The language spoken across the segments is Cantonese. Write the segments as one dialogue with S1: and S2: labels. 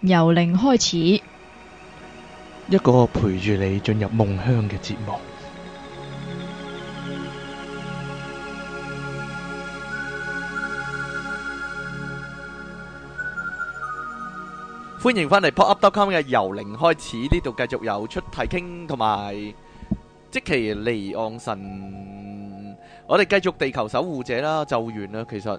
S1: 由零開始，
S2: 一個陪住你進入夢鄉嘅節目。歡迎返嚟 pop up dot com 嘅由零開始，呢度繼續有出題傾同埋即其離岸神，我哋繼續地球守護者啦，就完啦，其實。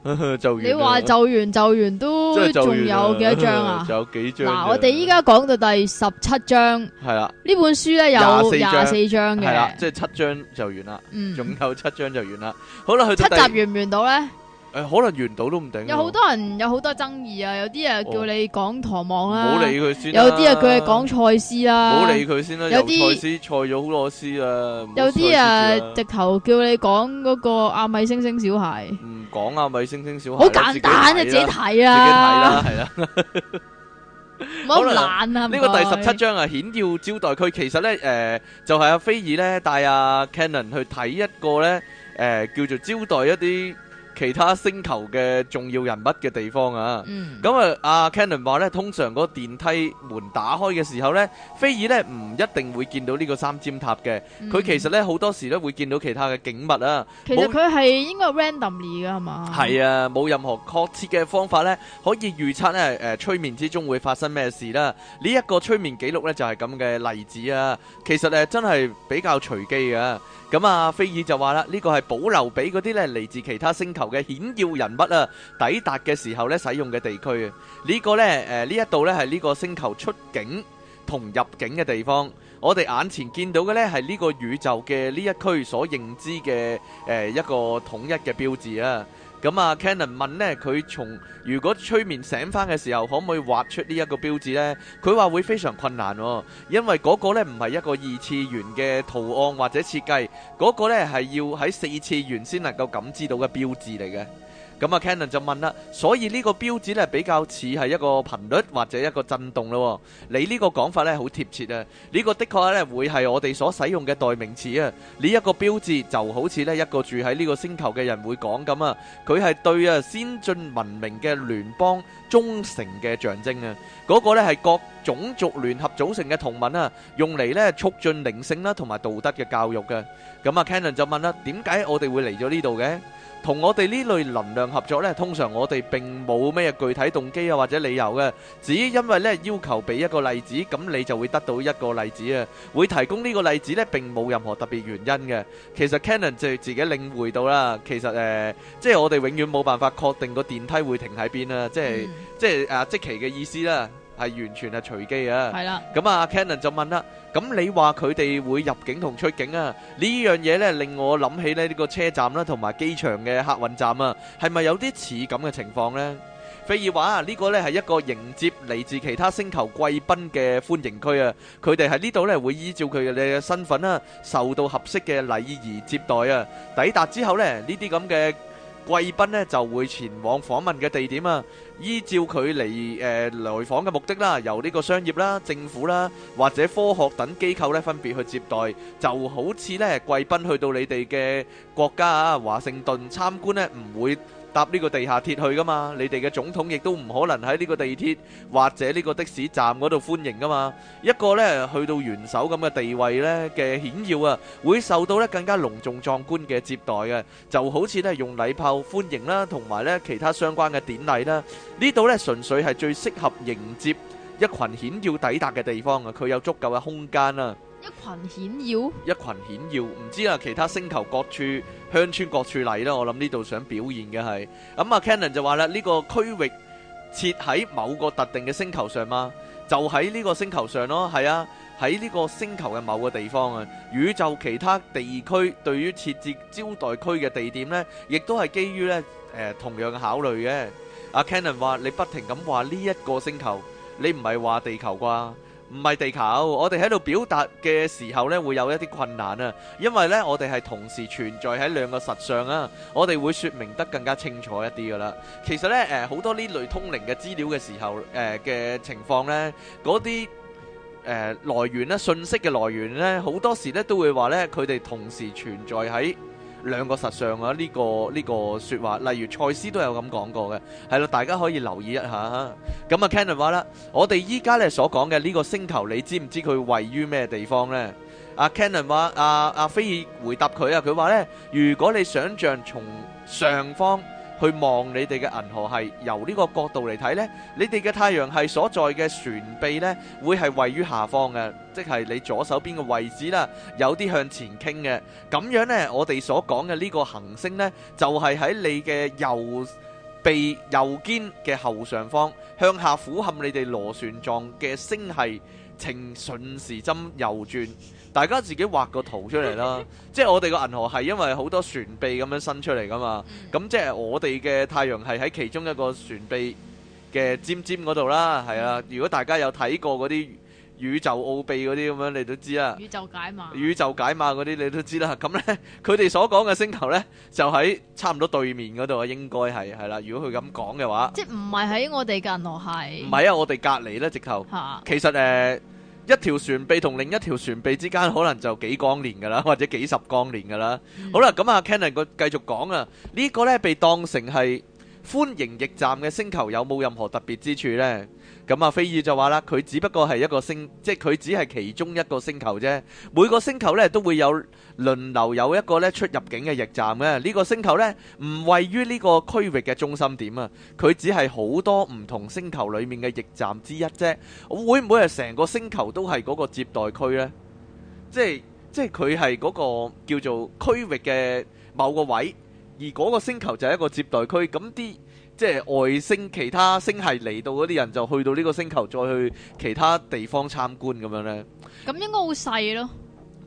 S2: 就完啦你話就
S1: 完就完都，仲有幾多章啊？
S2: 有幾章？嗱，我哋依
S1: 家講到第十七章，
S2: 係啦，呢本書咧有廿四章嘅，係啦章，即係七章就完啦，仲、嗯、有七章就完啦。好啦，去到七集完唔完到咧？誒，可能原到都唔定。有好
S1: 多人，有好多爭議啊！有啲啊叫你講唐望啦，冇理佢先。有啲啊佢係講賽斯啦，冇理佢先啦。有啲賽斯，
S2: 蔡咗好多絲啊。有啲啊，直
S1: 頭叫你講嗰個阿米星星小孩，
S2: 唔講阿米星星小孩，好簡單啊，自己睇啊。自己睇啦，係啦。唔好懶啊！呢個第十七章啊，顯要招待佢。其實咧，誒，就係阿菲爾咧帶阿 Cannon 去睇一個咧，誒，叫做招待一啲。其他星球嘅重要人物嘅地方啊，嗯，咁啊阿 Cannon 話咧，通常嗰個電梯門打開嘅時候咧，菲爾咧唔一定會見到呢個三尖塔嘅，佢其實咧好多時咧會見到其他嘅景物啊。
S1: 其實佢係應該係 randomly 㗎係嘛？係
S2: 啊，冇任何確切嘅方法咧，可以預測咧誒催眠之中會發生咩事啦。呢一個催眠記錄咧就係咁嘅例子啊。其實誒真係比較隨機嘅。咁啊菲爾就話啦，呢個係保留俾嗰啲咧嚟自其他星球嘅顯要人物啊，抵達嘅時候咧，使用嘅地區啊，呢、這個呢，誒、呃，呢一度呢係呢個星球出境同入境嘅地方。我哋眼前見到嘅呢係呢個宇宙嘅呢一區所認知嘅，誒、呃，一個統一嘅標誌啊。咁啊，Canon 問呢，佢從如果催眠醒翻嘅時候，可唔可以畫出呢一個標誌呢？佢話會非常困難喎，因為嗰個咧唔係一個二次元嘅圖案或者設計，嗰個咧係要喺四次元先能夠感知到嘅標誌嚟嘅。咁啊，Cannon 就問啦，所以呢個標誌咧比較似係一個頻率或者一個震動咯。你呢個講法咧好貼切啊！呢個的確咧會係我哋所使用嘅代名詞啊。呢一個標誌就好似咧一個住喺呢個星球嘅人會講咁啊，佢係對啊先進文明嘅聯邦忠誠嘅象徵啊。嗰個咧係各種族聯合組成嘅同盟啊，用嚟咧促進靈性啦同埋道德嘅教育嘅。咁啊，Cannon 就問啦，點解我哋會嚟咗呢度嘅？同我哋呢類能量合作呢，通常我哋並冇咩具體動機啊，或者理由嘅，只因為呢要求俾一個例子，咁你就會得到一個例子啊。會提供呢個例子呢並冇任何特別原因嘅。其實 Canon 就自己領會到啦，其實誒、呃，即係我哋永遠冇辦法確定個電梯會停喺邊、mm. 啊，即係即係啊，即期嘅意思啦。係完全係隨機啊！係啦，咁啊，Cannon 就問啦，咁你話佢哋會入境同出境啊？呢樣嘢咧令我諗起咧呢個車站啦，同埋機場嘅客運站啊，係咪有啲似咁嘅情況咧？菲爾話啊，呢個咧係一個迎接嚟自其他星球貴賓嘅歡迎區啊！佢哋喺呢度咧會依照佢哋嘅身份啦，受到合適嘅禮儀接待啊！抵達之後咧，呢啲咁嘅。貴賓咧就會前往訪問嘅地點啊，依照佢嚟誒來訪嘅目的啦，由呢個商業啦、政府啦或者科學等機構咧分別去接待，就好似呢貴賓去到你哋嘅國家啊，華盛頓參觀呢唔會搭呢個地下鐵去噶嘛？你哋嘅總統亦都唔可能喺呢個地鐵或者呢個的士站嗰度歡迎噶嘛？一個呢去到元首咁嘅地位呢嘅顯要啊，會受到呢更加隆重壯觀嘅接待嘅，就好似呢用禮炮歡迎啦，同埋呢其他相關嘅典禮啦。呢度呢純粹係最適合迎接一群顯要抵達嘅地方啊！佢有足夠嘅空間啊。
S1: 一群顯耀，
S2: 一群顯耀，唔知啊！其他星球各處鄉村各處嚟啦，我諗呢度想表現嘅係，咁、嗯、阿 Cannon 就話啦，呢、這個區域設喺某個特定嘅星球上嘛、啊，就喺呢個星球上咯，係啊，喺呢個星球嘅某個地方啊，宇宙其他地區對於設置招待區嘅地點呢，亦都係基於呢誒、呃、同樣嘅考慮嘅。阿、啊、Cannon 話你不停咁話呢一個星球，你唔係話地球啩？唔係地球，我哋喺度表達嘅時候咧，會有一啲困難啊，因為呢，我哋係同時存在喺兩個實上實相啊，我哋會説明得更加清楚一啲噶啦。其實呢，誒、呃、好多呢類通靈嘅資料嘅時候，誒、呃、嘅情況呢，嗰啲誒來源咧，信息嘅來源呢，好多時呢都會話呢，佢哋同時存在喺兩個實相啊！呢、這個呢、這個説話，例如賽斯都有咁講過嘅，係咯，大家可以留意一下。咁啊 Cannon 話啦，我哋依家咧所講嘅呢個星球，你知唔知佢位於咩地方呢？阿 Cannon 話，阿阿菲爾回答佢啊，佢話呢：「如果你想像從上方。去望你哋嘅銀河系，由呢個角度嚟睇咧，你哋嘅太陽系所在嘅船臂咧，會係位於下方嘅，即係你左手邊嘅位置啦，有啲向前傾嘅咁樣咧。我哋所講嘅呢個行星咧，就係喺你嘅右臂右肩嘅後上方向下俯瞰你哋螺旋狀嘅星系，呈順時針右轉。大家自己畫個圖出嚟啦， 即係我哋個銀河系因為好多船臂咁樣伸出嚟噶嘛，咁、嗯、即係我哋嘅太陽係喺其中一個船臂嘅尖尖嗰度啦，係、嗯、啊！如果大家有睇過嗰啲宇宙奧秘嗰啲咁樣，你都知啦。宇宙解碼，宇宙解碼嗰啲你都知啦。咁呢，佢哋所講嘅星球呢，就喺差唔多對面嗰度啊，應該係係啦。如果佢咁講嘅話，即
S1: 係唔係喺我哋嘅銀河系？唔係
S2: 啊，我哋隔離呢直頭。啊、其實誒。呃一條船臂同另一條船臂之間可能就幾光年㗎啦，或者幾十光年㗎啦。Mm hmm. 好啦，咁、嗯、啊 Cannon 個繼續講啊，呢、這個呢，被當成係歡迎驛站嘅星球，有冇任何特別之處呢？咁啊，菲爾就話啦，佢只不過係一個星，即係佢只係其中一個星球啫。每個星球咧都會有輪流有一個咧出入境嘅驛站嘅。呢、這個星球咧唔位於呢個區域嘅中心點啊，佢只係好多唔同星球裏面嘅驛站之一啫。會唔會係成個星球都係嗰個接待區咧？即係即係佢係嗰個叫做區域嘅某個位，而嗰個星球就係一個接待區，咁啲。即係外星，其他星系嚟到嗰啲人就去到呢個星球，再去其他地方參觀咁樣呢？
S1: 咁應該好細咯？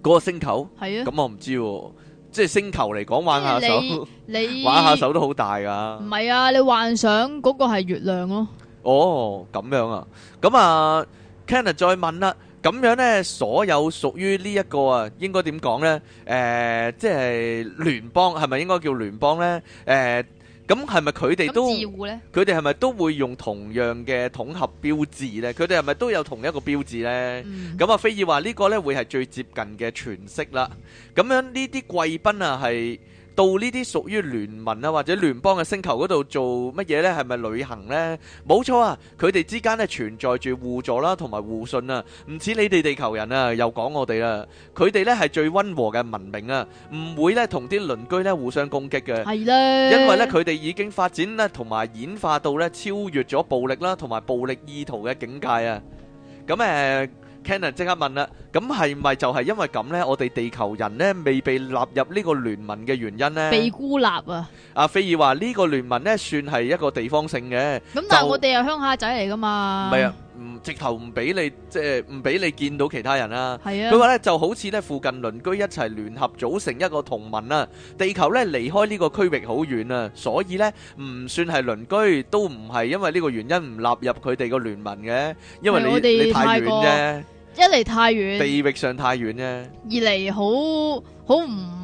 S1: 嗰
S2: 個星球係是啊，啊？咁我唔知喎，即係星球嚟講玩下手，你？
S1: 你玩下手都好大㗎。唔係啊，你幻想嗰個係月亮咯？
S2: 哦，咁樣啊？咁啊，Kenneth 再問啦、啊。咁樣呢，所有屬於呢一個啊，應該點講呢？誒、呃，即係聯邦係咪應該叫聯邦呢？誒、呃。咁係咪佢哋都佢哋係咪都會用同樣嘅統合標誌呢？佢哋係咪都有同一個標誌呢？咁啊、嗯，菲爾話呢個咧會係最接近嘅詮釋啦。咁樣呢啲貴賓啊係到呢啲屬於聯盟啊或者聯邦嘅星球嗰度做乜嘢咧？係咪旅行咧？冇錯啊！佢哋之間咧存在住互助啦，同埋互信啊，唔似你哋地球人啊，又講我哋啦。佢哋咧係最温和嘅文明啊，唔會咧同啲鄰居咧互相攻擊嘅。係咧，因為咧佢哋已經發展咧同埋演化到咧超越咗暴力啦，同埋暴力意圖嘅境界啊。咁誒。Canon 即刻問啦，咁係咪就係因為咁呢？我哋地球人呢，未被納入呢個聯盟嘅原因呢？被
S1: 孤立啊！阿、
S2: 啊、菲爾話呢個聯盟呢，算係一個地方性嘅。咁但係就我
S1: 哋又鄉下仔嚟噶嘛？唔係啊！
S2: 唔，直頭唔俾你，即係唔俾你見到其他人啦。係啊，佢話咧就好似咧附近鄰居一齊聯合組成一個同盟啦。地球咧離開呢個區域好遠啊，所以咧唔算係鄰居，都唔係因為呢個原因唔納入佢哋個聯盟嘅，因為你你太遠啫，
S1: 一嚟太遠，地
S2: 域上太遠啫，
S1: 二嚟好好唔。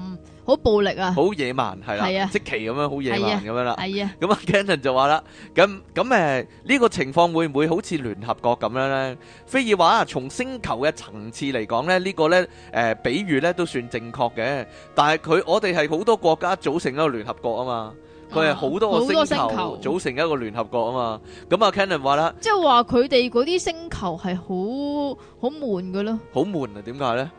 S1: 好暴力啊！好
S2: 野蠻係啦，啊、即其咁樣好野蠻咁樣啦。係啊，咁啊 Cannon 就話啦，咁咁誒，呢、呃這個情況會唔會好似聯合國咁樣咧？非爾話啊，從星球嘅層次嚟講咧，這個、呢個咧誒，比喻咧都算正確嘅。但係佢我哋係好多國家組成一個聯合國啊嘛，佢係好多個星球組成一個聯合國啊嘛。咁啊 Cannon 話啦，
S1: 即係話佢哋嗰啲星球係、嗯、好好悶噶咯，
S2: 好悶啊？點解咧？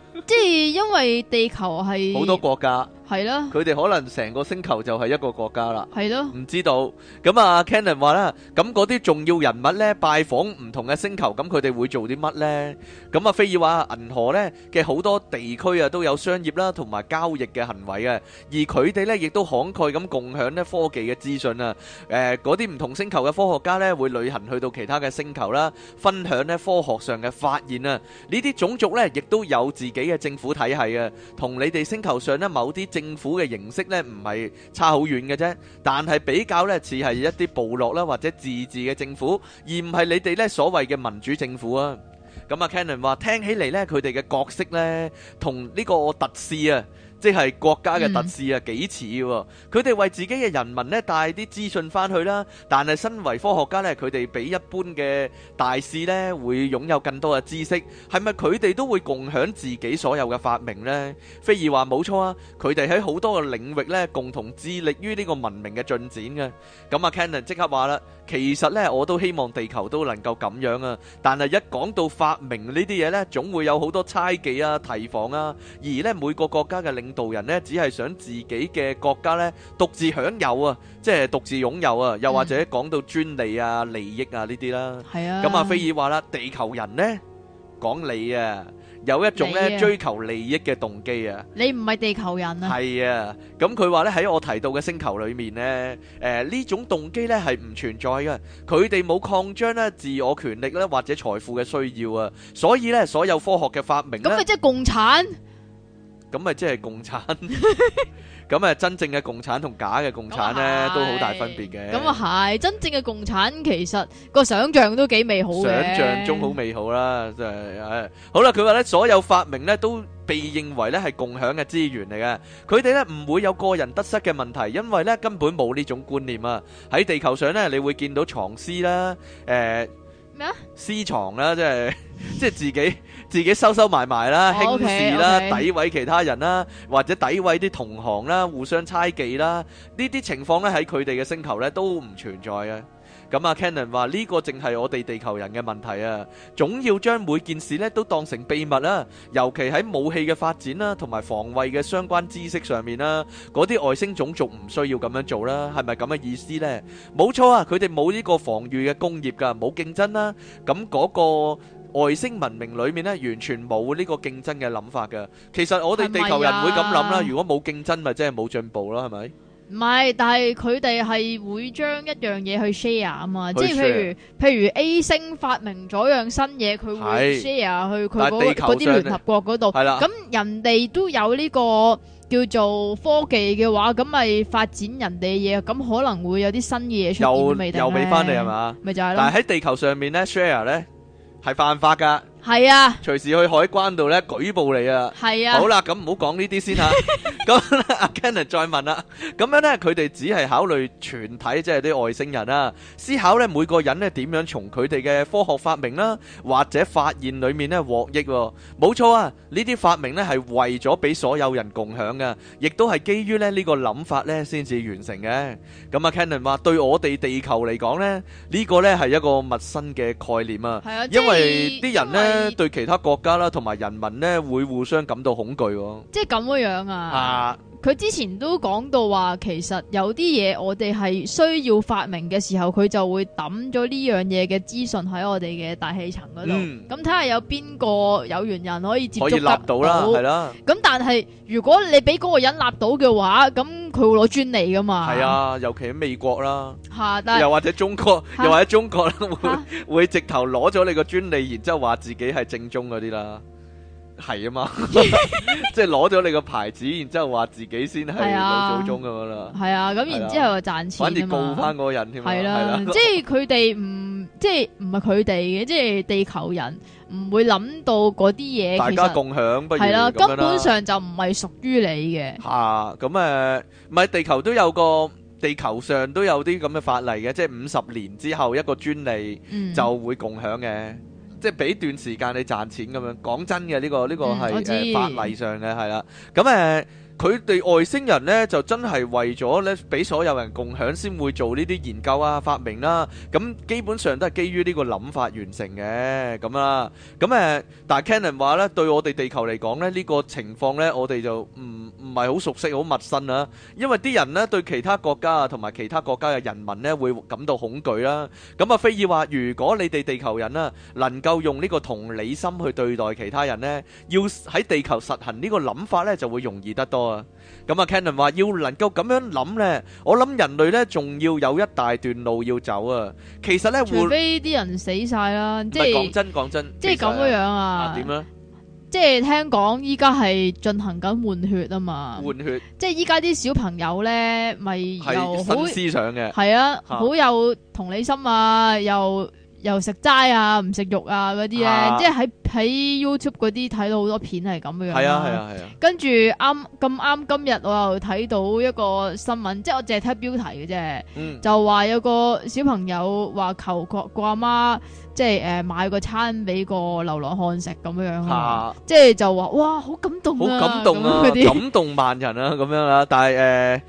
S1: 即係因為地球係好多國家。係咯，佢
S2: 哋可能成個星球就係一個國家啦。係咯，唔知道咁啊。Cannon 話啦，咁嗰啲重要人物咧，拜訪唔同嘅星球，咁佢哋會做啲乜咧？咁啊，菲爾話銀河咧嘅好多地區啊，都有商業啦，同埋交易嘅行為啊。而佢哋咧，亦都慷慨咁共享咧科技嘅資訊啊。誒，嗰啲唔同星球嘅科學家咧，會旅行去到其他嘅星球啦，分享咧科學上嘅發現啊。呢啲種族咧，亦都有自己嘅政府體系啊，同你哋星球上咧某啲。政府嘅形式咧，唔係差好遠嘅啫，但係比較咧似係一啲部落啦，或者自治嘅政府，而唔係你哋咧所謂嘅民主政府啊。咁啊，Cannon 話聽起嚟咧，佢哋嘅角色咧，同呢個特使啊。即係國家嘅特使啊，幾似喎？佢哋為自己嘅人民咧帶啲資訊翻去啦。但係身為科學家咧，佢哋比一般嘅大使咧會擁有更多嘅知識。係咪佢哋都會共享自己所有嘅發明咧？菲爾話冇錯啊，佢哋喺好多嘅領域咧共同致力於呢個文明嘅進展嘅。咁啊，Cannon 即刻話啦，其實咧我都希望地球都能夠咁樣啊。但係一講到發明呢啲嘢咧，總會有好多猜忌啊、提防啊。而咧每個國家嘅領道人咧，只係想自己嘅國家咧，獨自享有啊，即係獨自擁有啊，又或者講到專利啊、利益啊呢啲啦。係啊。咁阿菲爾話啦，地球人咧，講理啊，有一種咧追求利益嘅動機啊。
S1: 你唔係地球人啊。係
S2: 啊。咁佢話咧喺我提到嘅星球裏面咧，誒呢種動機咧係唔存在嘅，佢哋冇擴張咧、自我權力咧或者財富嘅需要啊，所以咧所有科學嘅發明。咁咪即
S1: 係共產？
S2: 咁咪即係共產，咁啊真正嘅共產同假嘅共產咧，都好大分別嘅。咁啊
S1: 係，真正嘅共產其實個想象都幾美好嘅，想象中好
S2: 美好啦，即係誒。好啦，佢話咧所有發明咧都被認為咧係共享嘅資源嚟嘅，佢哋咧唔會有個人得失嘅問題，因為咧根本冇呢種觀念啊。喺地球上咧，你會見到藏私啦，誒咩啊私藏啦，即係即係自己。自己收收埋埋啦，輕視啦，詆毀其他人啦，或者詆毀啲同行啦，互相猜忌啦，呢啲情況咧喺佢哋嘅星球咧都唔存在嘅。咁啊，Cannon 話呢個淨係我哋地球人嘅問題啊，總要將每件事咧都當成秘密啦，尤其喺武器嘅發展啦，同埋防衞嘅相關知識上面啦，嗰啲外星種族唔需要咁樣做啦，係咪咁嘅意思咧？冇錯啊，佢哋冇呢個防禦嘅工業噶，冇競爭啦，咁嗰個。外星文明裏面咧，完全冇呢個競爭嘅諗法嘅。其實我哋地球人會咁諗啦。如果冇競爭，咪真係冇進步咯，係咪？
S1: 唔係，但係佢哋係會將一樣嘢去 share 啊嘛。即係譬如譬如 A 星發明咗樣新嘢，佢會 share 去佢嗰嗰啲聯合國嗰度。係啦。咁人哋都有呢個叫做科技嘅話，咁咪發展人哋嘢。咁可能會有啲新嘢出。又又未返嚟係嘛？咪就係咯。但係
S2: 喺地球上面咧，share 咧。係犯法㗎。係啊，隨時去海關度咧舉報你啊！係啊，好啦，咁唔好講呢啲先嚇。咁阿 Kenneth 再問啦，咁樣咧佢哋只係考慮全體，即係啲外星人啊，思考咧每個人咧點樣從佢哋嘅科學發明啦或者發現裡面咧獲益。冇錯啊，呢啲發明咧係為咗俾所有人共享嘅，亦都係基於咧呢個諗法咧先至完成嘅。咁阿 Kenneth 話：對我哋地球嚟講咧，呢個咧係一個陌生嘅概念啊，因為啲人咧，咧對其他國家啦，同埋人民呢，會互相感到恐懼喎、
S1: 哦。即係咁嘅樣啊！啊佢之前都講到話，其實有啲嘢我哋係需要發明嘅時候，佢就會抌咗呢樣嘢嘅資訊喺我哋嘅大氣層嗰度，咁睇下有邊個有緣人可以接觸得到。可以立到啦，係啦。咁但係如果你俾嗰個人立到嘅話，咁佢會攞專利噶嘛？係啊，
S2: 尤其喺美國啦，
S1: 嚇、啊！又或
S2: 者中國，又或者中國、啊、會、啊、會直頭攞咗你個專利，然之後話自己係正宗嗰啲啦。係啊嘛，即係攞咗你個牌子，然之後話自己先係老祖宗咁樣啦。係啊，咁然之後賺錢。反正告翻嗰個人添，係啦，即係
S1: 佢哋唔即係唔係佢哋嘅，即係地球人唔會諗到嗰啲嘢。大家共
S2: 享不如，係啦，根本上
S1: 就唔係屬於你嘅。
S2: 吓，咁誒，唔係地球都有個地球上都有啲咁嘅法例嘅，即係五十年之後一個專利就會共享嘅。即係俾段時間你賺錢咁樣，講真嘅呢個呢、呢個係誒、嗯呃、法例上嘅係啦，咁誒。佢哋外星人咧就真係為咗咧俾所有人共享，先會做呢啲研究啊、發明啦。咁基本上都係基於呢個諗法完成嘅咁啦。咁誒，但係 Cannon 話咧，對我哋地球嚟講咧，呢個情況咧，我哋就唔唔係好熟悉、好陌生啦。因為啲人咧對其他國家啊，同埋其他國家嘅人民咧，會感到恐懼啦。咁啊，菲爾話：如果你哋地球人啊，能夠用呢個同理心去對待其他人咧，要喺地球實行呢個諗法咧，就會容易得多。咁啊，Cannon 話要能夠咁樣諗咧，我諗人類咧仲要有一大段路要走啊。其實咧，除非
S1: 啲人死晒啦，即係講真講
S2: 真，即係咁樣樣啊。點咧？
S1: 即係聽講依家係進行緊換血啊嘛。換血，即係依家啲小朋友咧，咪係新思想嘅，係啊，好有同理心啊，又。又食齋啊，唔食肉啊嗰啲咧，啊、即係喺喺 YouTube 嗰啲睇到好多片係咁嘅樣。係啊係啊係。啊跟住啱咁啱今日我又睇到一個新聞，即係我淨係睇標題嘅啫。嗯、就話有個小朋友話求個個阿媽，即係誒、呃、買個餐俾個流浪漢食咁樣樣。啊、即係就話哇，好感動、啊、好感動啊！樣
S2: 感動萬人啊咁樣啦，但係誒。呃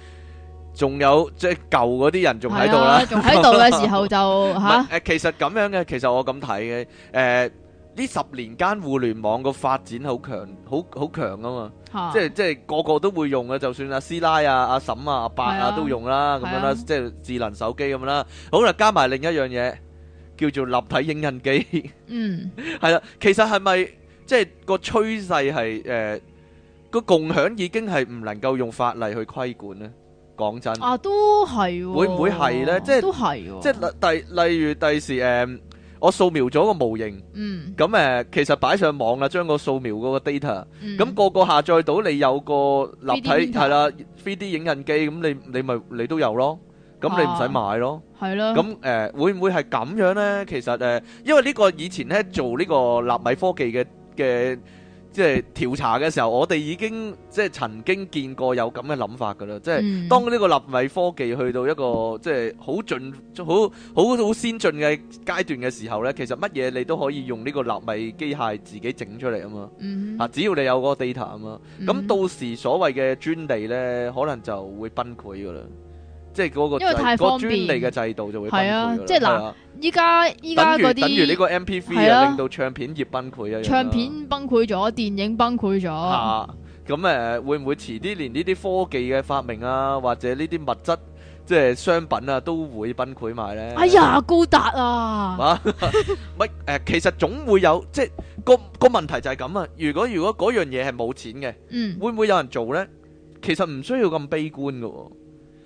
S2: 仲有即係舊嗰啲人仲喺度啦，仲喺度嘅時候就吓誒，其實咁樣嘅，其實我咁睇嘅，誒，呢十年間互聯網個發展好強，好好強啊嘛，即係即係個個都會用嘅，就算阿師奶啊、阿嬸啊、阿伯啊都用啦，咁樣啦，即係智能手機咁樣啦。好啦，加埋另一樣嘢叫做立體影印機，嗯，係啦。其實係咪即係個趨勢係誒個共享已經係唔能夠用法例去規管咧？講真，啊
S1: 都係，會唔會係咧？即係，都係，即係例
S2: 第例如第時，誒，我掃描咗個模型，嗯，咁誒，其實擺上網啦，將個掃描嗰個 data，咁個個下載到你有個立體係啦，3D 影印機，咁你你咪你都有咯，咁你唔使買咯，係咯，咁誒會唔會係咁樣咧？其實誒，因為呢個以前咧做呢個納米科技嘅嘅，即係調查嘅時候，我哋已經即係曾經見過有咁嘅諗法噶啦。即係當呢個納米科技去到一個即係好進好好好先進嘅階段嘅時候呢，其實乜嘢你都可以用呢個納米機械自己整出嚟啊嘛。啊、mm，hmm. 只要你有個 data 啊嘛。咁到時所謂嘅專利呢，可能就會崩潰噶啦。即係因個個專利嘅制度就會崩潰啦。係啊，即係嗱，
S1: 依家依家嗰啲等於呢等
S2: 於個 MP3 啊，係啊，令到唱片業崩潰啊。唱片
S1: 崩潰咗，電影崩潰咗。嚇！
S2: 咁誒會唔會遲啲連呢啲科技嘅發明啊，或者呢啲物質即係商品啊，都會崩潰埋咧？哎呀，
S1: 高達啊！
S2: 哇！唔係誒，其實總會有即係個個問題就係咁啊！如果如果嗰樣嘢係冇錢嘅，嗯，會唔會有人做咧？其實唔需要咁悲觀㗎喎。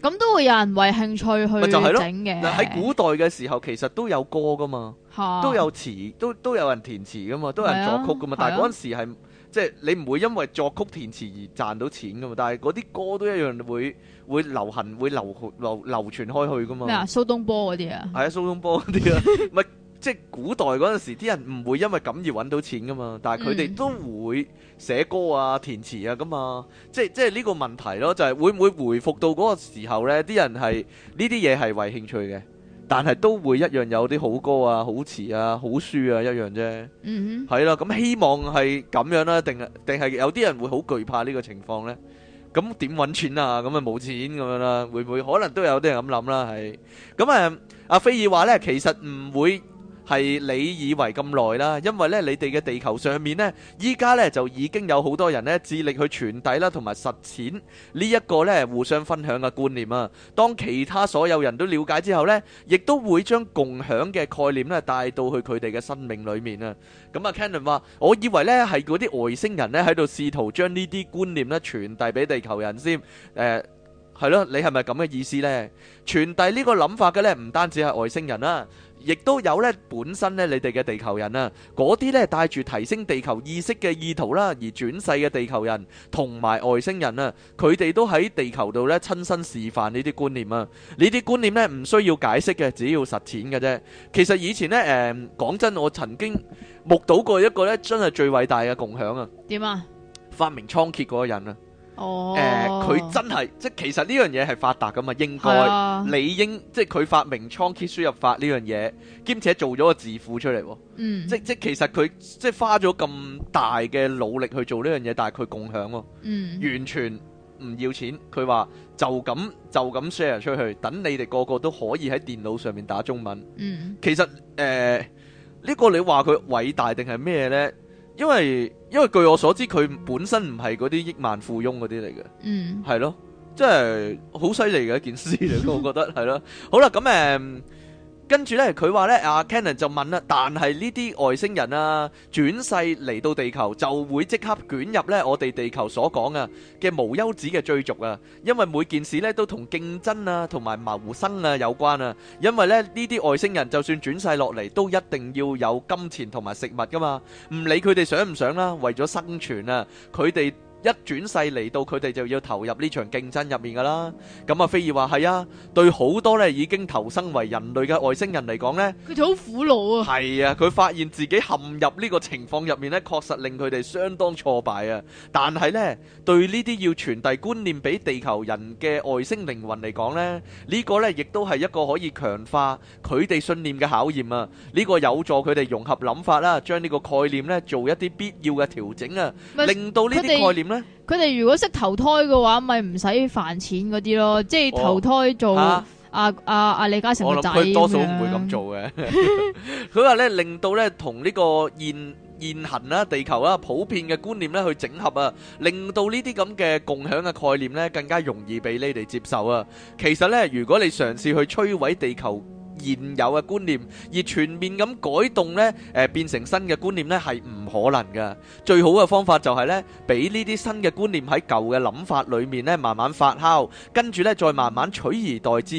S1: 咁都會有人為興趣去整嘅。喺的古
S2: 代嘅時候，其實都有歌噶嘛，哈都有詞，都都有人填詞噶嘛，都有人作曲噶嘛。啊、但係嗰陣時係、啊、即係你唔會因為作曲填詞而賺到錢噶嘛。但係嗰啲歌都一樣會會流行，會流流流，流傳開去噶嘛。咩啊？
S1: 蘇東坡嗰啲啊？
S2: 係啊，蘇東坡嗰啲啊。咪～ 即係古代嗰陣時，啲人唔會因為咁而揾到錢噶嘛，但係佢哋都會寫歌啊、填詞啊噶嘛。即係即係呢個問題咯，就係會唔會回覆到嗰個時候咧？啲人係呢啲嘢係為興趣嘅，但係都會一樣有啲好歌啊、好詞啊、好書啊一樣啫。嗯哼，係咯，咁希望係咁樣啦，定係定係有啲人會好懼怕呢個情況咧？咁點揾錢啊？咁啊冇錢咁樣啦，會唔會可能都有啲人咁諗啦？係咁誒，阿飛爾話咧，其實唔會。係你以為咁耐啦，因為呢，你哋嘅地球上面呢，依家呢就已經有好多人呢，致力去傳遞啦，同埋實踐呢一個呢互相分享嘅觀念啊。當其他所有人都了解之後呢，亦都會將共享嘅概念呢帶到去佢哋嘅生命裏面啊。咁啊，Cannon 話，我以為呢係嗰啲外星人呢喺度試圖將呢啲觀念呢傳遞俾地球人先。誒，係咯，你係咪咁嘅意思呢？傳遞呢個諗法嘅呢，唔單止係外星人啊。亦都有咧，本身咧你哋嘅地球人啊，嗰啲咧帶住提升地球意識嘅意圖啦，而轉世嘅地球人同埋外星人啊，佢哋都喺地球度咧親身示範呢啲觀念啊，呢啲觀念咧唔需要解釋嘅，只要實踐嘅啫。其實以前咧，誒、嗯、講真，我曾經目睹過一個咧真係最偉大嘅共享啊！點啊？發明倉頡嗰個人啊！哦、呃，佢真係即其實呢樣嘢係發達噶嘛，應該理應是、啊、即係佢發明倉頡輸入法呢樣嘢，兼且做咗個字庫出嚟、哦，嗯即，即即其實佢即係花咗咁大嘅努力去做呢樣嘢，但係佢共享喎、哦，嗯，完全唔要錢，佢話就咁就咁 share 出去，等你哋個個都可以喺電腦上面打中文，嗯，其實誒呢、呃這個你話佢偉大定係咩呢？因為因為據我所知，佢本身唔係嗰啲億萬富翁嗰啲嚟嘅，係咯、嗯，即係好犀利嘅一件事嚟， 我覺得係咯。好啦，咁、嗯、誒。跟住呢，佢話呢，阿 Cannon 就問啦，但係呢啲外星人啊，轉世嚟到地球就會即刻捲入呢我哋地球所講啊嘅無休止嘅追逐啊，因為每件事呢都同競爭啊，同埋謀生啊有關啊，因為呢呢啲外星人就算轉世落嚟，都一定要有金錢同埋食物噶嘛，唔理佢哋想唔想啦，為咗生存啊，佢哋。一轉世嚟到佢哋就要投入呢場競爭入面㗎啦。咁啊，菲爾話係啊，對好多咧已經投生為人類嘅外星人嚟講咧，佢哋好苦惱啊。係啊，佢發現自己陷入呢個情況入面咧，確實令佢哋相當挫敗啊。但係咧，對呢啲要傳遞觀念俾地球人嘅外星靈魂嚟講咧，呢個咧亦都係一個可以強化佢哋信念嘅考驗啊。呢個有助佢哋融合諗法啦，將呢個概念咧做一啲必要嘅調整啊，令到呢啲概念。
S1: 佢哋如果識投胎嘅話，咪唔使煩錢嗰啲咯，即係投胎做阿阿阿李嘉誠仔咁樣。我諗佢多數唔會咁做
S2: 嘅。佢話咧，令到咧同呢個現現行啦、啊、地球啦、啊、普遍嘅觀念咧去整合啊，令到呢啲咁嘅共享嘅概念咧更加容易俾你哋接受啊。其實咧，如果你嘗試去摧毀地球。現有嘅觀念而全面咁改動呢，誒、呃，變成新嘅觀念呢，係唔可能㗎。最好嘅方法就係呢，俾呢啲新嘅觀念喺舊嘅諗法裏面呢，慢慢發酵，跟住呢，再慢慢取而代之。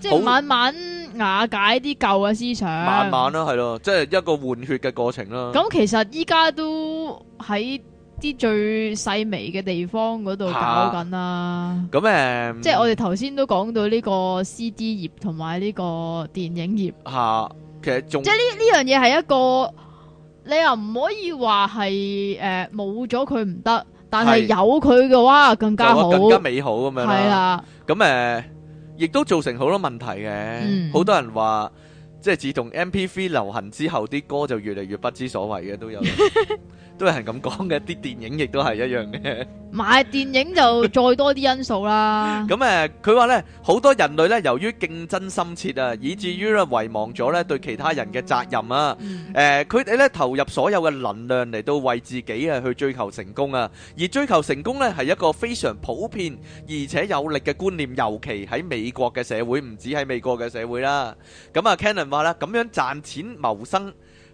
S2: 即係好，慢
S1: 慢瓦解啲舊嘅思想。慢慢啦、啊，
S2: 係咯，即係一個換血嘅過程啦、啊。咁其
S1: 實依家都喺。啲最細微嘅地方嗰度搞緊、啊、啦，
S2: 咁誒、啊，嗯、即係我哋
S1: 頭先都講到呢個 CD 業同埋呢個電影業
S2: 嚇、啊，其實仲即係呢
S1: 呢樣嘢係一個，你又唔可以話係誒冇咗佢唔得，但係有佢嘅話更加好，更加
S2: 美好咁樣。係啦，咁誒亦都造成好多問題嘅，好、嗯、多人話，即係自從 MP3 流行之後，啲歌就越嚟越不知所謂嘅都有。 都係咁講嘅，啲電影亦都係一樣嘅。
S1: 買電影就再多啲因素啦。
S2: 咁誒，佢話咧，好多人類咧，由於競爭心切啊，以至於咧遺忘咗咧對其他人嘅責任啊。誒，佢哋咧投入所有嘅能量嚟到為自己啊去追求成功啊。而追求成功咧係一個非常普遍而且有力嘅觀念，尤其喺美國嘅社會，唔止喺美國嘅社會啦。咁啊，Cannon 話咧，咁樣賺錢謀生。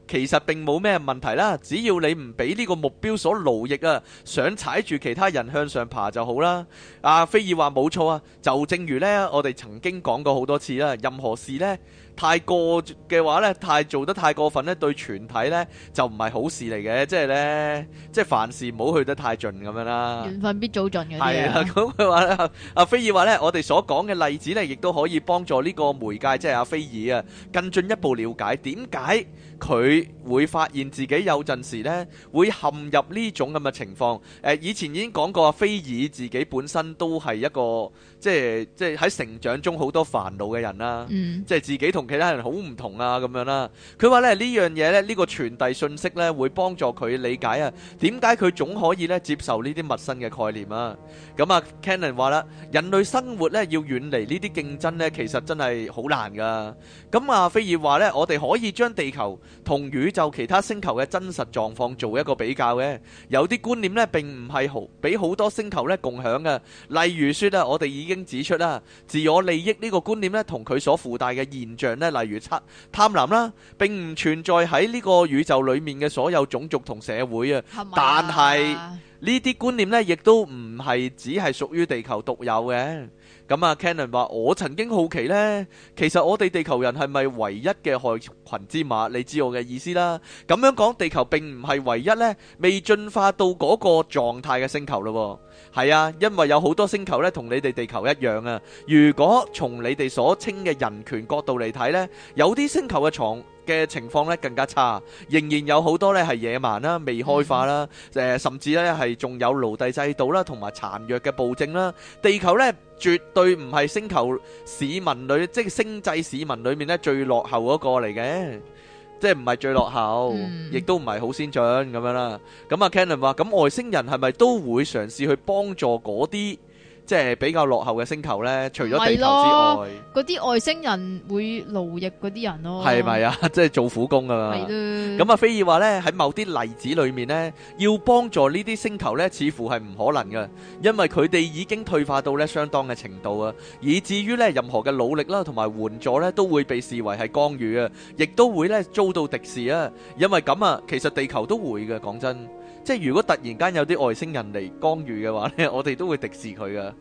S2: 其實並冇咩問題啦，只要你唔俾呢個目標所奴役啊，想踩住其他人向上爬就好啦。阿、啊、菲爾話冇錯啊，就正如呢我哋曾經講過好多次啦，任何事呢。太過嘅話咧，太做得太過分咧，對全體咧就唔係好事嚟嘅，即係呢，即係凡事唔好去得太盡咁樣啦。緣
S1: 分必早盡嘅的。係
S2: 咁佢話咧，阿、 啊、菲爾話呢，我哋所講嘅例子呢，亦都可以幫助呢個媒介，即係阿菲爾啊，更進一步了解點解佢會發現自己有陣時呢會陷入呢種咁嘅情況。誒、啊，以前已經講過，阿菲爾自己本身都係一個。即係即係喺成長中好多煩惱嘅人啦，即係自己同其他人好唔同啊咁樣啦。佢話咧呢樣嘢咧，呢個傳遞信息咧，會幫助佢理解啊點解佢總可以咧接受呢啲陌生嘅概念啊。咁啊，Cannon 話啦，人類生活咧要遠離呢啲競爭咧，其實真係好難噶。咁啊，菲爾話咧，我哋可以將地球同宇宙其他星球嘅真實狀況做一個比較嘅。有啲觀念咧並唔係好俾好多星球咧共享嘅。例如説咧，我哋已經指出啦，自我利益呢個觀念咧，同佢所附帶嘅現象咧，例如七貪婪啦，並唔存在喺呢個宇宙裏面嘅所有種族同社會啊。吧但係呢啲觀念咧，亦都唔係只係屬於地球獨有嘅。咁啊，Cannon 話，我曾經好奇咧，其實我哋地球人係咪唯一嘅害群之馬，你知道我嘅意思啦。咁樣講，地球並唔係唯一咧，未進化到嗰個狀態嘅星球咯。係啊，因為有好多星球咧，同你哋地球一樣啊。如果從你哋所稱嘅人權角度嚟睇呢，有啲星球嘅床嘅情況咧更加差，仍然有好多咧係野蠻啦、未開化啦，誒，甚至咧係仲有奴隸制度啦，同埋殘虐嘅暴政啦。地球咧絕對唔係星球市民裡，即係星際市民裡面咧最落後嗰個嚟嘅。即係唔係最落後，嗯、亦都唔係好先進咁樣啦。咁啊 Cannon 話，咁、嗯、外星人係咪都會嘗試去幫助嗰啲？即係比較落後嘅星球呢，除咗地球之外，
S1: 嗰啲外星人會奴役嗰啲人咯，係咪
S2: 啊？即係做苦工噶嘛。咁啊，菲爾話呢，喺某啲例子裏面呢，要幫助呢啲星球呢，似乎係唔可能噶，因為佢哋已經退化到呢相當嘅程度啊，以至於呢，任何嘅努力啦，同埋援助呢，都會被視為係干預啊，亦都會呢，遭到敵視啊。因為咁啊，其實地球都會嘅，講真。即係如果突然間有啲外星人嚟干預嘅話咧，我哋都會敵視佢噶，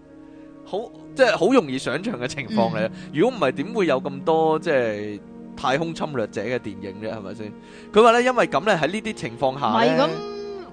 S2: 好即係好容易上場嘅情況嚟。如果唔係，點會有咁多即係太空侵略者嘅電影咧？係咪先？佢話咧，因為咁咧，喺呢啲情況下，唔係咁，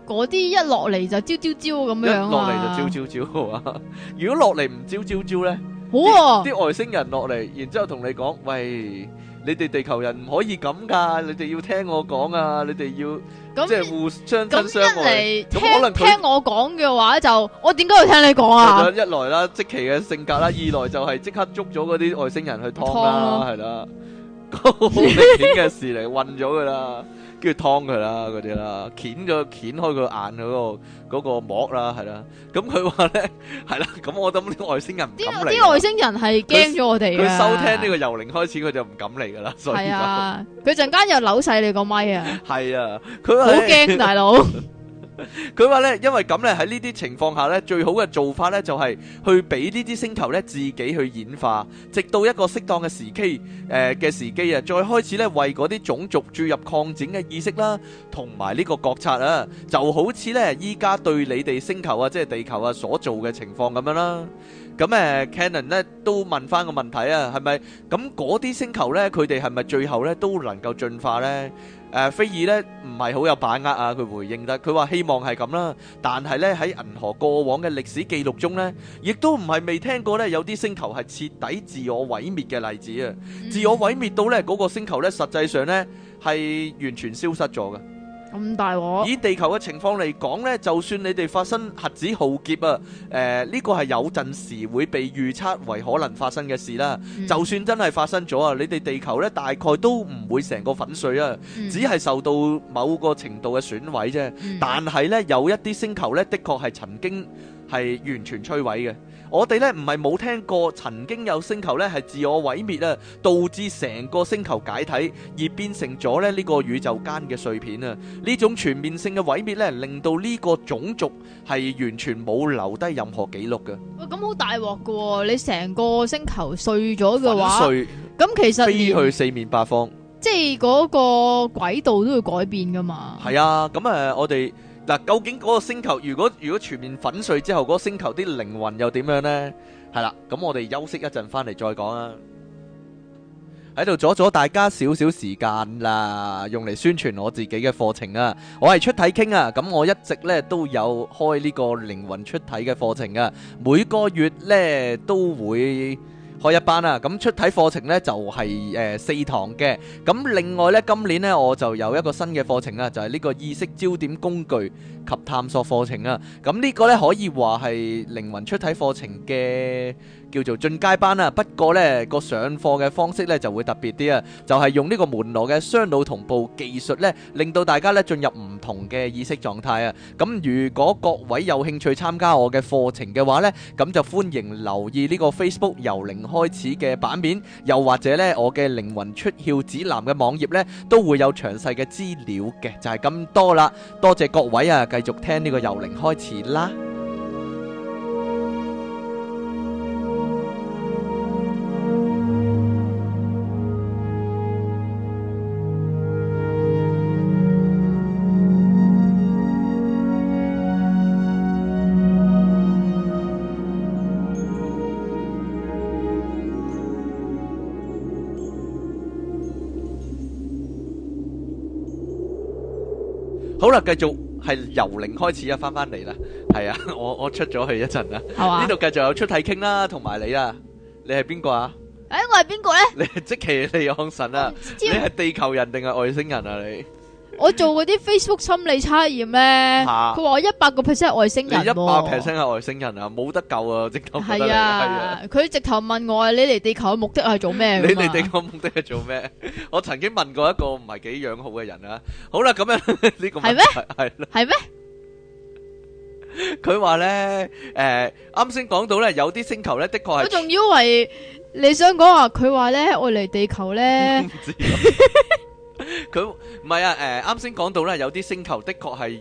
S1: 嗰啲一落嚟就朝朝朝咁樣，一落嚟就朝
S2: 朝朝啊！如果落嚟唔朝朝朝咧，好啊，啲外星人落嚟，然之後同你講：喂，你哋地球人唔可以咁噶，你哋要聽我講啊，你哋要。咁即係互相親相愛。咁可能聽，聽
S1: 我講嘅話就，我點解要聽你講啊？一
S2: 來啦，即奇嘅性格啦， 二來就係即刻捉咗嗰啲外星人去湯啦，係啦，好明顯嘅事嚟混咗噶啦。 跟住劏佢啦，嗰啲啦，鉗咗鉗開佢眼嗰個膜啦，係啦。咁佢話咧，係、응、啦。咁 Emer gent ing ùng 我諗啲外星人唔敢嚟，啲外星
S1: 人係驚咗我哋、啊。佢收聽
S2: 呢個幽靈開始，佢就唔敢嚟噶啦。所以啊，
S1: 佢陣間又扭晒你個咪 啊。
S2: 係啊，佢好驚，大佬家。 佢話咧， 因為咁咧，喺呢啲情況下咧，最好嘅做法咧就係去俾呢啲星球咧自己去演化，直到一個適當嘅時期誒嘅時機啊，再開始咧為嗰啲種族注入擴展嘅意識啦，同埋呢個國策啊，就好似咧依家對你哋星球啊，即係地球啊所做嘅情況咁樣啦。咁、嗯、誒，Cannon 咧都問翻個問題啊，係咪咁，嗰啲星球咧，佢哋係咪最後咧都能夠進化咧？誒、呃，菲爾咧唔係好有把握啊，佢回應得，佢話希望係咁啦，但係咧喺銀河過往嘅歷史記錄中咧，亦都唔係未聽過咧有啲星球係徹底自我毀滅嘅例子啊，自我毀滅到咧嗰、那個星球咧，實際上咧係完全消失咗嘅。
S1: 咁大以
S2: 地球嘅情況嚟講呢，就算你哋發生核子浩劫啊，誒呢個係有陣時會被預測為可能發生嘅事啦。嗯、就算真係發生咗啊，你哋地球呢大概都唔會成個粉碎啊，嗯、只係受到某個程度嘅損毀啫。但係呢，有一啲星球呢，的確係曾經係完全摧毀嘅。我哋咧唔係冇聽過，曾經有星球咧係自我毀滅啊，導致成個星球解體而變成咗咧呢個宇宙間嘅碎片啊！呢種全面性嘅毀滅咧，令到呢個種族係完全冇留低任何記錄嘅。
S1: 哇，咁好大鑊噶！你成個星球碎咗嘅話，碎
S2: 咁其實飛去四面八方，
S1: 即係嗰個軌道都會改變噶嘛。
S2: 係啊，咁誒，我哋。嗱，究竟嗰個星球如果如果全面粉碎之後，嗰個星球啲靈魂又點樣呢？係啦，咁我哋休息一陣，翻嚟再講啊！喺 度樂阻咗大家少少時間啦，用嚟宣傳我自己嘅課程啊！我係出體傾啊，咁我一直呢都有開呢個靈魂出體嘅課程啊，每個月呢都會。開一班啊，咁出體課程呢就係、是、誒、呃、四堂嘅，咁另外呢，今年呢我就有一個新嘅課程啦、啊，就係、是、呢個意識焦點工具及探索課程啊，咁呢個呢可以話係靈魂出體課程嘅。叫做進階班啊，不過呢個上課嘅方式咧就會特別啲啊，就係用呢個門羅嘅雙腦同步技術咧，令到大家咧進入唔同嘅意識狀態啊。咁如果各位有興趣參加我嘅課程嘅話咧，咁就歡迎留意呢個 Facebook 由零開始嘅版面，又或者咧我嘅靈魂出竅指南嘅網頁咧都會有詳細嘅資料嘅，就係咁多啦。多謝各位啊，繼續聽呢個由零開始啦。好喇，繼續係由零開始啊，翻翻嚟啦，係啊，我我出咗去一陣啦，呢度繼續有出體傾啦、啊，同埋你啊，你係邊個啊？
S1: 誒、欸，我係邊個咧？
S2: 你係即其利昂神啊？你係地球人定係外星人啊？你？
S1: 我做嗰啲 Facebook 心理測驗咧，佢話我一百個 percent 外星人，一百 percent
S2: 係外星人啊，冇得救啊，直頭係啊，
S1: 佢直頭問我啊，你嚟地球嘅目的係做咩？你嚟地
S2: 球目的係做咩？我曾經問過一個唔係幾樣好嘅人啊，好啦，咁樣呢個問題係咩？係咩？佢話咧，誒，啱先講到咧，有啲星球咧，的確係，佢仲
S1: 以為你想講話，佢話咧，我嚟地球咧。
S2: 佢唔係啊，誒、呃，啱先講到咧，有啲星球的確係。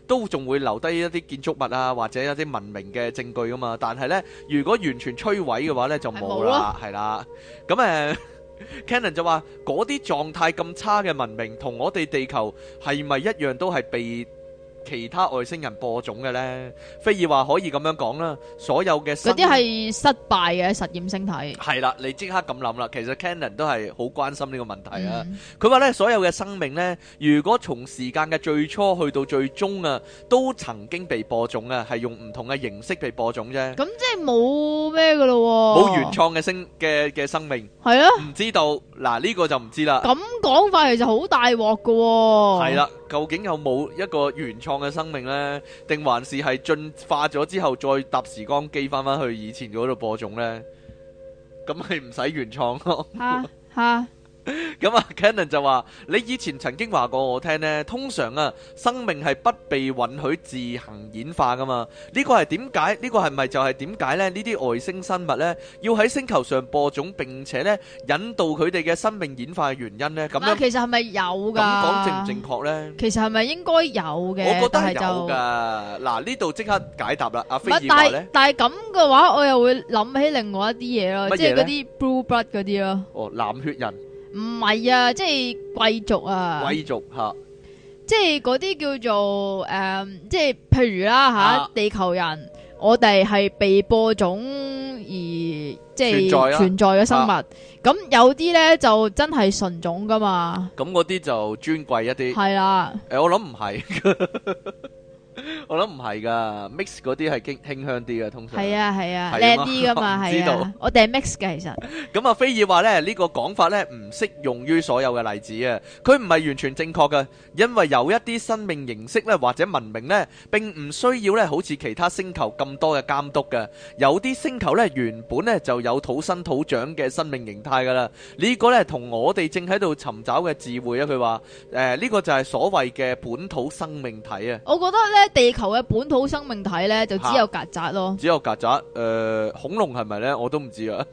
S2: 都仲會留低一啲建築物啊，或者一啲文明嘅證據噶嘛。但係呢，如果完全摧毀嘅話呢，就冇啦。係啦，咁誒，Cannon 就話嗰啲狀態咁差嘅文明，同我哋地球係咪一樣都係被？其他外星人播種嘅咧，菲爾話可以咁樣講啦。所有嘅嗰啲係
S1: 失敗嘅實驗星體
S2: 係啦，你即刻咁諗啦。其實 Cannon 都係好關心呢個問題啊。佢話咧，所有嘅生命咧，如果從時間嘅最初去到最終啊，都曾經被播種啊，係用唔同嘅形式被播種啫。咁
S1: 即係冇咩嘅咯喎，冇原
S2: 創嘅生嘅嘅生命係啊，唔知道嗱呢個就唔知啦。咁
S1: 講法其實好大鑊嘅喎。係啦，
S2: 究竟有冇一個原創？嘅生命呢，定還是係進化咗之後再搭時光機翻返去以前嗰度播種呢，咁咪唔使原創咯。吓、 啊。啊咁啊，Cannon 就話你以前曾經話過我聽呢，通常啊，生命係不被允許自行演化噶嘛？呢、這個係點解？呢、這個係咪就係點解呢？呢啲外星生物呢，要喺星球上播種，並且呢，引導佢哋嘅生命演化嘅原因呢？咁樣其
S1: 實係咪有噶？咁講正唔正
S2: 確呢？其
S1: 實係咪應該有嘅？我覺得係有噶。
S2: 嗱，呢度即刻解答啦，嗯、阿飛，
S1: 但係咁嘅話，我又會諗起另外一啲嘢咯，即係嗰啲 blue blood 嗰啲咯。
S2: 哦，藍血人。
S1: 唔係啊，即係貴族啊貴族，貴族吓，即係嗰啲叫做誒，即係譬如啦吓，啊、地球人，我哋係被播種而即係存在嘅、啊、生物，咁、啊、有啲咧就真係純種噶嘛，
S2: 咁嗰啲就尊貴一啲，係啦，誒，我諗唔係。我諗唔係噶，mix 嗰啲係輕輕香啲嘅，通常係啊係啊靚啲噶嘛，係啊，
S1: 我哋係 mix 嘅其實。
S2: 咁啊，菲爾話咧呢個講法咧唔適用於所有嘅例子啊，佢唔係完全正確嘅，因為有一啲生命形式咧或者文明咧並唔需要咧好似其他星球咁多嘅監督嘅，有啲星球咧原本咧就有土生土長嘅生命形態噶啦，呢個咧同我哋正喺度尋找嘅智慧啊，佢話誒呢個就係所謂嘅本土生命體啊。
S1: 我覺得咧地球。球嘅本土生命體咧，就只有曱甴咯、啊。
S2: 只有曱甴，誒、呃，恐龍係咪咧？我都唔知、 嗯、啊。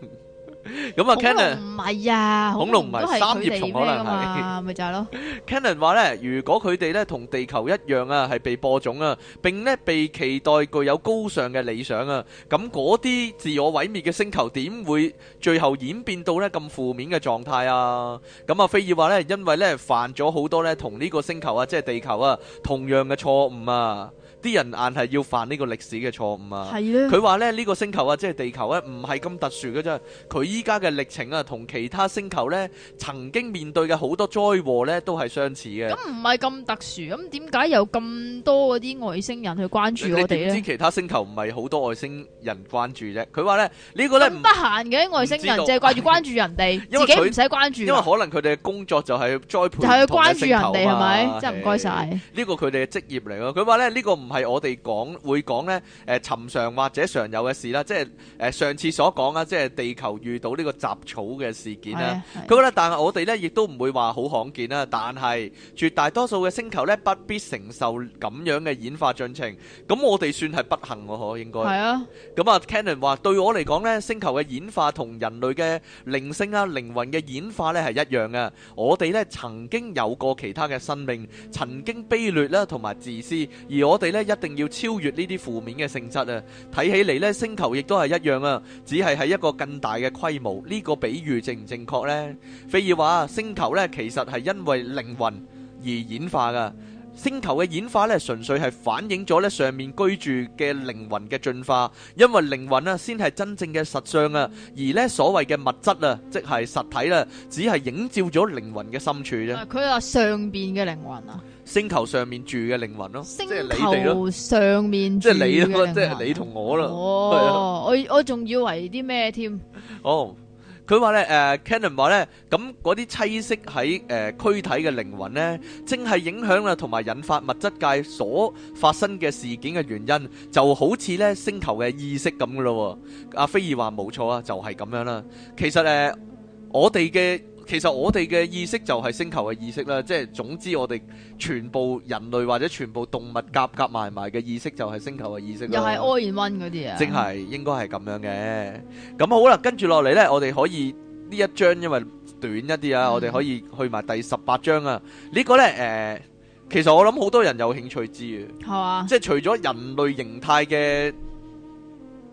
S2: 咁啊 Cannon
S1: 唔係啊，恐龍唔係三葉蟲，可能係。咪就係咯。
S2: Cannon 話咧，如果佢哋咧同地球一樣啊，係被播種啊，並咧被期待具有高尚嘅理想啊，咁嗰啲自我毀滅嘅星球點會最後演變到咧咁負面嘅狀態啊？咁、嗯、啊，菲、嗯、爾話咧，因為咧犯咗好多咧同呢個星球啊，即係地球啊，同樣嘅錯誤啊。啲人硬係要犯呢個歷史嘅錯誤啊！係佢話咧呢，呢個星球啊，即係地球咧，唔係咁特殊嘅啫。佢依家嘅歷程啊，同其他星球咧曾經面對嘅好多災禍咧，都係相似嘅。咁
S1: 唔係咁特殊，咁點解有咁多嗰啲外星人去關注我哋咧？你知
S2: 其他星球唔係好多外星人關注啫。佢話咧呢，呢個咧唔得
S1: 閒嘅外星人，人，淨係掛住關注人哋，自己唔使關注。因為可
S2: 能佢哋嘅工作就係栽培就去關注人哋，係咪嘿？同一唔該晒，呢個佢哋嘅職業嚟咯。佢話咧呢，呢，呢，呢，呢，呢個唔。唔係我哋講會講咧，誒尋常或者常有嘅事啦，即係誒上次所講啊，即係地球遇到呢個雜草嘅事件啦。佢話咧，但係我哋咧亦都唔會話好罕見啦。但係絕大多數嘅星球咧，不必承受咁樣嘅演化進程。咁我哋算係不幸喎，可應該。係啊。咁啊，Cannon 話對我嚟講咧，星球嘅演化同人類嘅靈性啊、靈魂嘅演化咧係一樣嘅。我哋咧曾經有過其他嘅生命，曾經卑劣啦同埋自私，而我哋咧。一定要超越呢啲負面嘅性質啊！睇起嚟呢星球亦都係一樣啊，只係喺一個更大嘅規模。呢、這個比喻正唔正確呢？菲爾話星球呢，其實係因為靈魂而演化噶。星球嘅演化咧，純粹係反映咗咧上面居住嘅靈魂嘅進化，因為靈魂啊，先係真正嘅實相啊，而咧所謂嘅物質啊，即係實體啦，只係映照咗靈魂嘅深處啫。
S1: 佢話上邊嘅靈魂啊，
S2: 星球上面住嘅靈魂咯，星球
S1: 上面即係你哋咯，即係
S2: 你同我啦。哦，
S1: 我我仲以為啲咩添？
S2: 哦。佢話咧，誒 Cannon 話咧，咁嗰啲棲息喺誒、uh, 軀體嘅靈魂咧，正係影響啊同埋引發物質界所發生嘅事件嘅原因，就好似咧星球嘅意識咁嘅咯。阿菲爾話冇錯啊，就係、是、咁樣啦。其實誒，uh, 我哋嘅。其實我哋嘅意識就係星球嘅意識啦，即係總之我哋全部人類或者全部動物夾夾埋埋嘅意識就係星球嘅意識啦。又
S1: 係 alien 嗰啲啊？正係
S2: 應該係咁樣嘅。咁好啦，跟住落嚟呢，我哋可以呢一章，因為短一啲啊，嗯、我哋可以去埋第十八章啊。呢、這個呢，誒、呃，其實我諗好多人有興趣知嘅，即係除咗人類形態嘅。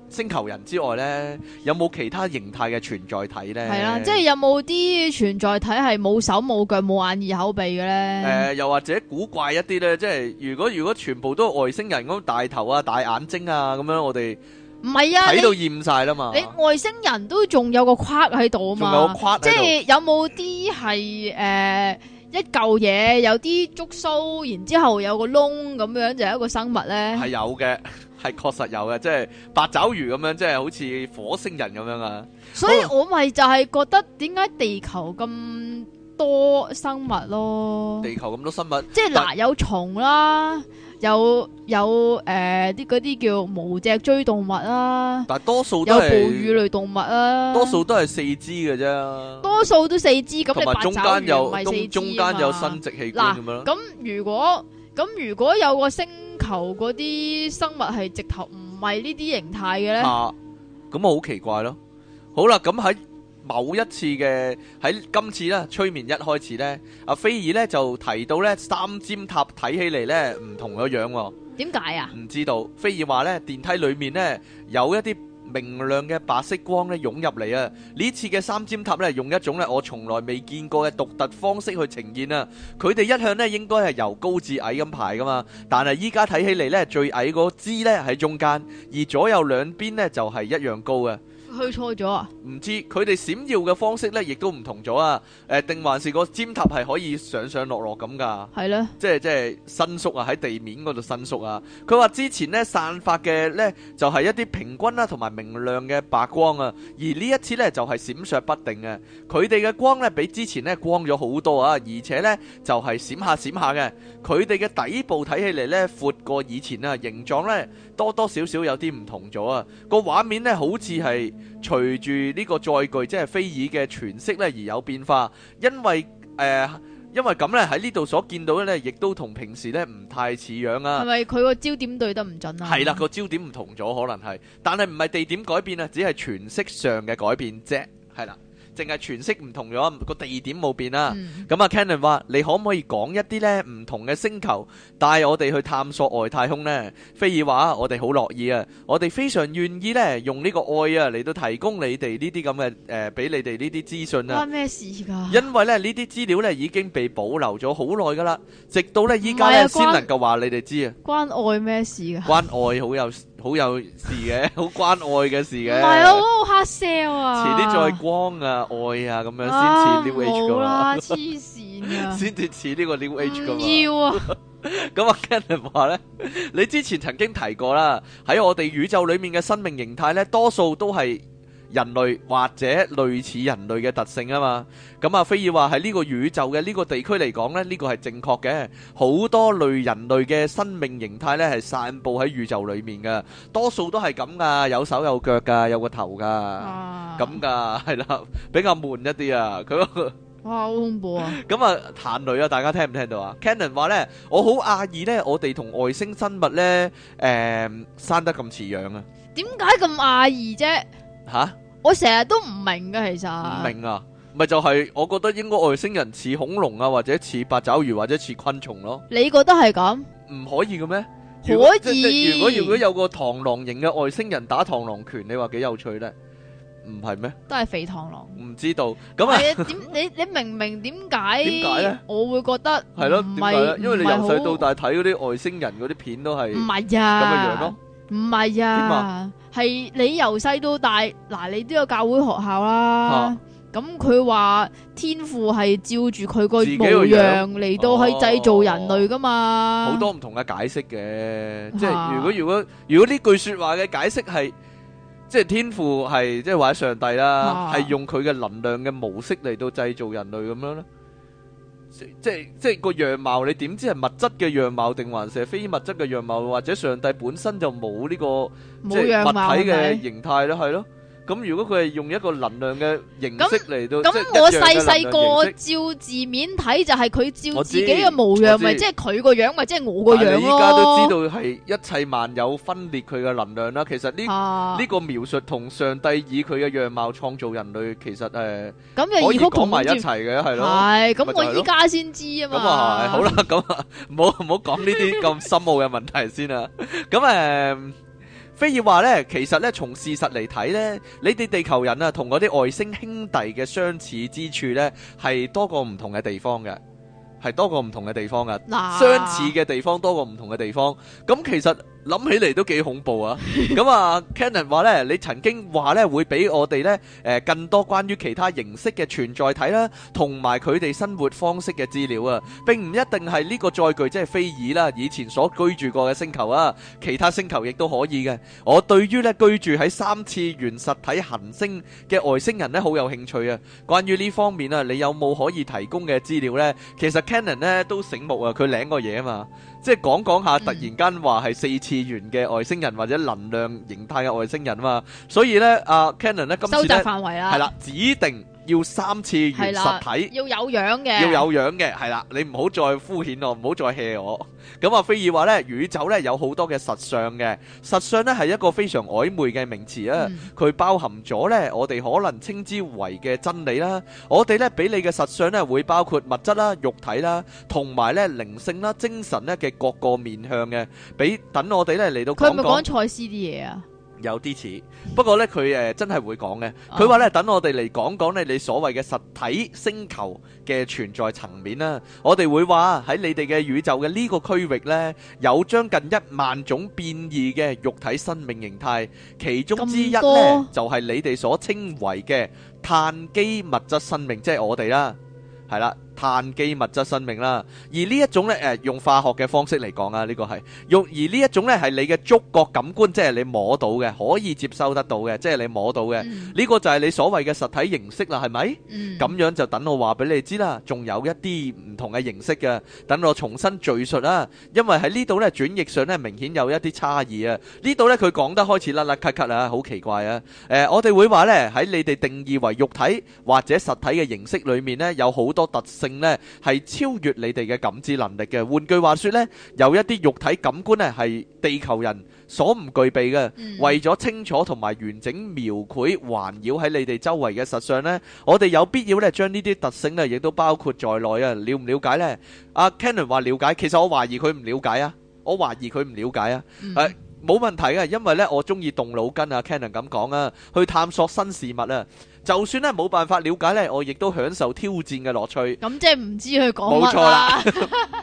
S2: 星球人之外咧，有冇其他形態嘅存在體咧？係啦、啊，即係
S1: 有冇啲存在體係冇手冇腳冇眼耳口鼻嘅咧？誒、
S2: 嗯呃，又或者古怪一啲咧？即係如果如果全部都係外星人咁大頭啊、大眼睛啊咁樣，我哋
S1: 唔係啊，睇到厭晒啦嘛！你外星人都仲有個框喺度嘛，即有有？即係有冇啲係誒？一嚿嘢有啲竹鬚，然之後有個窿咁樣，就係，一個生物咧？係有
S2: 嘅，係確實有嘅，即係八爪魚咁樣，即係好似火星人咁樣啊！所以
S1: 我咪就係覺得，點解，哦、地球咁多生物咯？
S2: 地球咁多生物，
S1: 即係嗱，有蟲啦。有有誒啲嗰啲叫無脊椎動物啦、
S2: 啊，但係多數都係哺乳類
S1: 動物啦、啊，多數
S2: 都係四肢嘅啫，多
S1: 數都四肢咁，有中間又中間有生殖器官咁樣，咁如果咁如果有個星球嗰啲生物係直頭唔係呢啲形態嘅咧，
S2: 咁啊好奇怪咯。好啦，咁喺。某一次嘅喺今次呢催眠一開始呢，阿菲兒呢就提到呢三尖塔睇起嚟呢唔同個樣喎。
S1: 點解啊？唔
S2: 知道。菲兒話呢，電梯裡面呢有一啲明亮嘅白色光呢湧入嚟啊！呢次嘅三尖塔呢，用一種呢我從來未見過嘅獨特方式去呈現啊！佢哋一向呢應該係由高至矮咁排㗎嘛，但係依家睇起嚟呢，最矮嗰支呢喺中間，而左右兩邊呢就係一樣高嘅。推錯咗啊！唔知佢哋閃耀嘅方式咧，亦都唔同咗啊！誒、呃，定還是個尖塔係可以上上落落咁噶？係咯的，即係即係伸縮啊！喺地面嗰度伸縮啊！佢話之前咧散發嘅咧就係、是、一啲平均啦同埋明亮嘅白光啊，而呢一次咧就係、是、閃爍不定嘅。佢哋嘅光咧比之前咧光咗好多啊，而且咧就係、是、閃下閃下嘅。佢哋嘅底部睇起嚟咧闊過以前啊。形狀咧多多少少有啲唔同咗啊。個畫面咧好似係。隨住呢個載具即係飛耳嘅詮釋呢而有變化，因為誒、呃，因為咁呢，喺呢度所見到嘅呢，亦都同平時呢唔太似樣啊。係
S1: 咪佢個焦點對得唔準啊？係啦，個
S2: 焦點唔同咗，可能係，但係唔係地點改變啊，只係詮釋上嘅改變啫，係啦。淨係詮釋唔同咗，個地點冇變啦。咁啊，Cannon 話：你可唔可以講一啲咧唔同嘅星球，帶我哋去探索外太空呢？菲爾話：我哋好樂意啊，我哋非常願意咧，用呢個愛啊嚟到提供你哋呢啲咁嘅誒，俾、呃、你哋呢啲資訊啊。關咩事㗎？因為咧呢啲資料咧已經被保留咗好耐㗎啦，直到咧依家先能夠話你哋知啊。
S1: 關愛咩事㗎？
S2: 關愛好有。 好有事嘅，好 關愛嘅事嘅，係啊，我
S1: 好 l 笑啊！前啲再
S2: 光啊，愛啊，咁樣先似 new age 噶啦，痴線啊！先至似呢個 new age 噶嘛，唔要啊！咁 e 跟人話咧，你之前曾經提過啦，喺我哋宇宙裏面嘅生命形態咧，多數都係。人類或者類似人類嘅特性啊嘛，咁啊，菲爾話喺呢個宇宙嘅呢個地區嚟講咧，呢個係正確嘅。好多類人類嘅生命形態咧，係散佈喺宇宙裡面嘅，多數都係咁噶，有手有腳噶，有個頭噶，咁噶，係啦，比較悶一啲啊。佢哇，
S1: 好恐怖啊！
S2: 咁啊，彈雷啊，大家聽唔聽到啊？Canon 話咧，我好訝異咧，我哋同外星生物咧，誒，生得咁似樣啊？
S1: 點解咁訝異啫？吓！蛤我成日都唔明嘅，其實唔
S2: 明啊，咪就係我覺得應該外星人似恐龍啊，或者似八爪魚，或者似昆蟲咯。
S1: 你覺得係咁？
S2: 唔可以嘅咩？
S1: 可以。如果如果有
S2: 個螳螂型嘅外星人打螳螂拳，你話幾有趣咧？唔係咩？
S1: 都係肥螳螂。唔
S2: 知道咁啊？點
S1: 你你明明點解？點解咧？我會覺得係
S2: 咯，點解啊，因為你由細到大睇嗰啲外星人嗰啲片都係唔係啊咁嘅樣咯，啊。唔係啊，
S1: 係、啊、你由細到大，嗱，你都有教會學校啦、啊。咁佢話天父係照住佢個模樣嚟到去製造人類噶嘛。
S2: 好、啊哦、多唔同嘅解釋嘅，即係如果如果如果呢句說話嘅解釋係，即係天父係即係話上帝啦，係、啊、用佢嘅能量嘅模式嚟到製造人類咁樣咧。即即個樣貌，你點知係物質嘅樣貌定還是係非物質嘅樣貌，或者上帝本身就冇呢、這個即係樣物體嘅形態咯，係咯？ 咁如果佢係用一個能量嘅形式嚟到那，咁我細細個
S1: 照字面睇就係佢照自己嘅模樣，咪即係佢個樣，咪即係我個樣咯。你依家都知道係
S2: 一切萬有分裂佢嘅能量啦。啊、其實呢呢、這個描述同上帝以佢嘅樣貌創造人類，其實誒，
S1: 咁、呃、又可以講埋一齊
S2: 嘅，係、嗯嗯、咯？係咁，我依家
S1: 先知啊嘛。咁啊、嗯嗯，好
S2: 啦，咁唔好唔好講呢啲咁深奧嘅問題先啊。咁誒。 非爾話呢，其實呢，從事實嚟睇呢，你哋地球人啊，同嗰啲外星兄弟嘅相似之處呢，係多過唔同嘅地方嘅，係多過唔同嘅地方嘅，啊、相似嘅地方多過唔同嘅地方，咁、嗯、其實。諗起嚟都幾恐怖啊！咁啊，Cannon 話咧，你曾經話咧會俾我哋咧誒更多關於其他形式嘅存在體啦，同埋佢哋生活方式嘅資料啊。並唔一定係呢個載具，即係菲爾啦，以前所居住過嘅星球啊，其他星球亦都可以嘅。我對於咧居住喺三次元實體行星嘅外星人咧好有興趣啊。關於呢方面啊，你有冇可以提供嘅資料咧？其實 Cannon 咧都醒目啊，佢領過嘢啊嘛，即係講講下，突然間話係四次。資源嘅外星人或者能量形態嘅外星人啊嘛，所以咧，啊、呃、Canon 咧今次收窄範圍啦，係啦，指定。要三次完實體，
S1: 要有樣嘅，要有
S2: 樣嘅，係啦，你唔好再敷衍我，唔好再 hea 我。咁 啊，菲爾話呢宇宙呢有好多嘅實相嘅，實相呢係一個非常曖昧嘅名詞啊，佢、嗯、包含咗呢我哋可能稱之為嘅真理啦，我哋呢俾你嘅實相呢會包括物質啦、肉體啦，同埋呢靈性啦、精神呢嘅各個面向嘅，俾等我哋呢嚟到講講。佢係咪講
S1: 賽斯啲嘢啊？
S2: 有啲似，不過呢，佢誒真係會講嘅。佢話呢，等我哋嚟講講呢你所謂嘅實體星球嘅存在層面啦。我哋會話喺你哋嘅宇宙嘅呢個區域呢，有將近一萬種變異嘅肉體生命形態，其中之一呢，就係你哋所稱為嘅碳基物質生命，即係我哋啦，係啦。碳基物質生命啦，而呢一種咧，誒用化學嘅方式嚟講啊，呢個係用，而呢一種咧係你嘅觸覺感官，即係你摸到嘅，可以接收得到嘅，即係你摸到嘅，呢個就係你所謂嘅實體形式啦，係咪？咁樣就等我話俾你知啦。仲有一啲唔同嘅形式嘅，等我重新敘述啦。因為喺呢度咧轉譯上咧明顯有一啲差異啊。呢度咧佢講得開始甩甩咳咳啦，好奇怪啊！誒，我哋會話咧喺你哋定義為肉體或者實體嘅形式裏面咧，有好多特性咧係超越你哋嘅感知能力嘅。換句話說咧，有一啲肉體感官咧係地球人所唔具備嘅。為咗清楚同埋完整描繪環繞喺你哋周圍嘅實相咧，我哋有必要咧將呢啲特性咧亦都包括在內啊。了唔瞭解咧？阿 Canon 話瞭解，其實我懷疑佢唔瞭解啊。我懷疑佢唔瞭解啊。誒，冇問題啊，因為咧我中意動腦筋啊。Canon 咁講啊，去探索新事物啊。就算咧冇辦法了解咧，我亦都享受挑戰嘅樂趣。咁
S1: 即係唔知佢講乜。冇沒錯啦。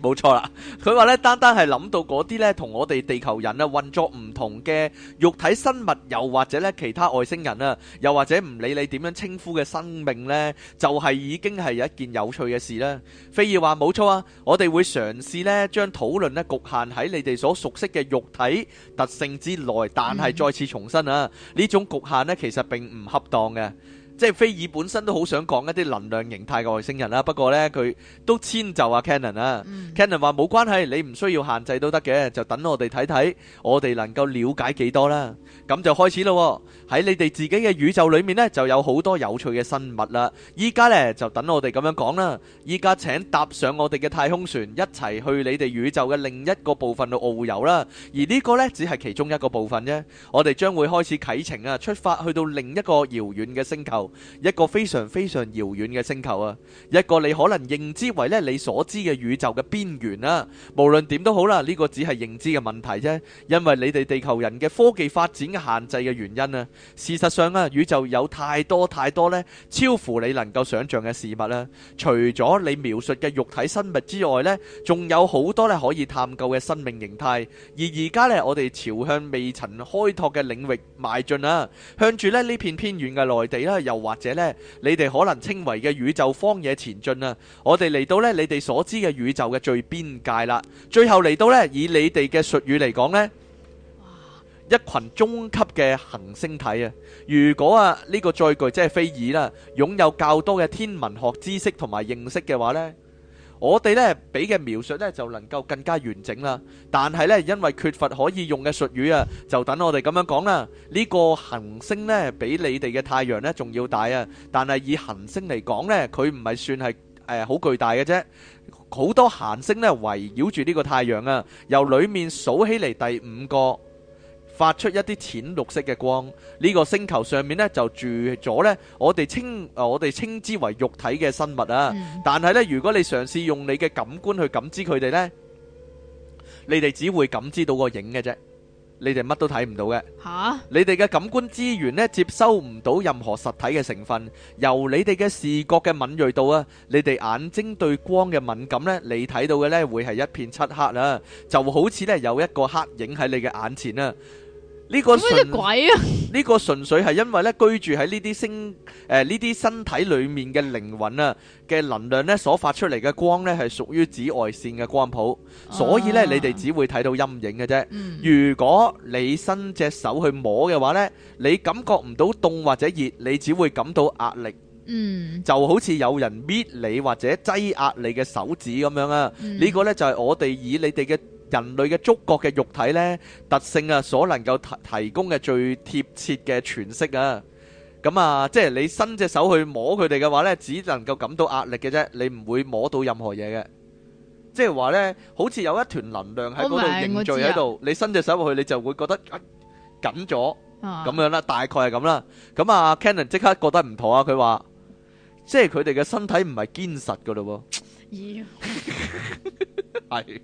S2: 冇錯啦，佢話咧單單係諗到嗰啲咧，同我哋地球人啊運作唔同嘅肉體生物，又或者咧其他外星人啊，又或者唔理你點樣稱呼嘅生命咧，就係已經係有一件有趣嘅事啦。菲爾話冇錯啊，我哋會嘗試咧，將討論咧局限喺你哋所熟悉嘅肉體特性之內，但係再次重申啊，呢種局限咧其實並唔恰當嘅。即係菲爾本身都好想講一啲能量形態嘅外星人啦，不過咧，佢都遷就阿 Cannon 啊、嗯、Cannon 話冇關係，你唔需要限制都得嘅，就等我哋睇睇，我哋能夠了解幾多啦。咁就開始咯，喺你哋自己嘅宇宙裏面咧，就有好多有趣嘅生物啦。依家咧就等我哋咁樣講啦。依家請搭上我哋嘅太空船，一齊去你哋宇宙嘅另一個部分度遨遊啦。而呢個咧只係其中一個部分啫，我哋將會開始啟程啊，出發去到另一個遙遠嘅星球。一個非常非常遙遠嘅星球啊，一個你可能認知為咧你所知嘅宇宙嘅邊緣啊。無論點都好啦，呢個只係認知嘅問題啫，因為你哋地球人嘅科技發展嘅限制嘅原因啊。事實上啊，宇宙有太多太多咧，超乎你能夠想象嘅事物啦。除咗你描述嘅肉體生物之外咧，仲有好多咧可以探究嘅生命形態。而而家咧，我哋朝向未曾開拓嘅領域邁進啦，向住咧呢片偏遠嘅內地啦，又，或者咧，你哋可能稱為嘅宇宙荒野前進啊，我哋嚟到咧，你哋所知嘅宇宙嘅最邊界啦，最後嚟到咧，以你哋嘅術語嚟講呢一群中級嘅行星體啊！如果啊呢、這個載具即係菲爾啦，擁有較多嘅天文學知識同埋認識嘅話咧。我哋呢俾嘅描述呢，就能夠更加完整啦，但係呢，因為缺乏可以用嘅術語啊，就等我哋咁樣講啦。呢個行星呢，比你哋嘅太陽呢仲要大啊，但係以行星嚟講呢，佢唔係算係誒好巨大嘅啫。好多行星呢，圍繞住呢個太陽啊，由裏面數起嚟第五個。發出一啲淺綠色嘅光，呢個星球上面咧就住咗咧，我哋稱我哋稱之為肉體嘅生物啊。但係咧，如果你嘗試用你嘅感官去感知佢哋咧，你哋只會感知到個影嘅啫，你哋乜都睇唔到嘅。
S1: 吓，
S2: 你哋嘅感官資源咧接收唔到任何實體嘅成分，由你哋嘅視覺嘅敏銳度啊，你哋眼睛對光嘅敏感咧，你睇到嘅咧會係一片漆黑啊，就好似咧有一個黑影喺你嘅眼前啊。呢個純，呢個純粹係因為咧居住喺呢啲星，誒呢啲身體裡面嘅靈魂啊嘅能量，咧所發出嚟嘅光，咧係屬於紫外線嘅光譜，所以咧你哋只會睇到陰影嘅啫。如果你伸隻手去摸嘅話咧，你感覺唔到凍或者熱，你只會感到壓力，嗯，就好似有人搣你或者擠壓你嘅手指咁樣啊。呢個咧就係我哋以你哋嘅人類嘅觸覺嘅肉體咧特性啊，所能夠提提供嘅最貼切嘅詮釋啊，咁啊，即係你伸隻手去摸佢哋嘅話咧，只能夠感到壓力嘅啫，你唔會摸到任何嘢嘅。即係話咧，好似有一團能量喺嗰度凝聚喺度，你伸隻手去，你就會覺得緊咗咁樣啦，大概係咁啦。咁啊，Cannon 即刻覺得唔妥啊，佢話即係佢哋嘅身體唔係堅實噶咯喎，係。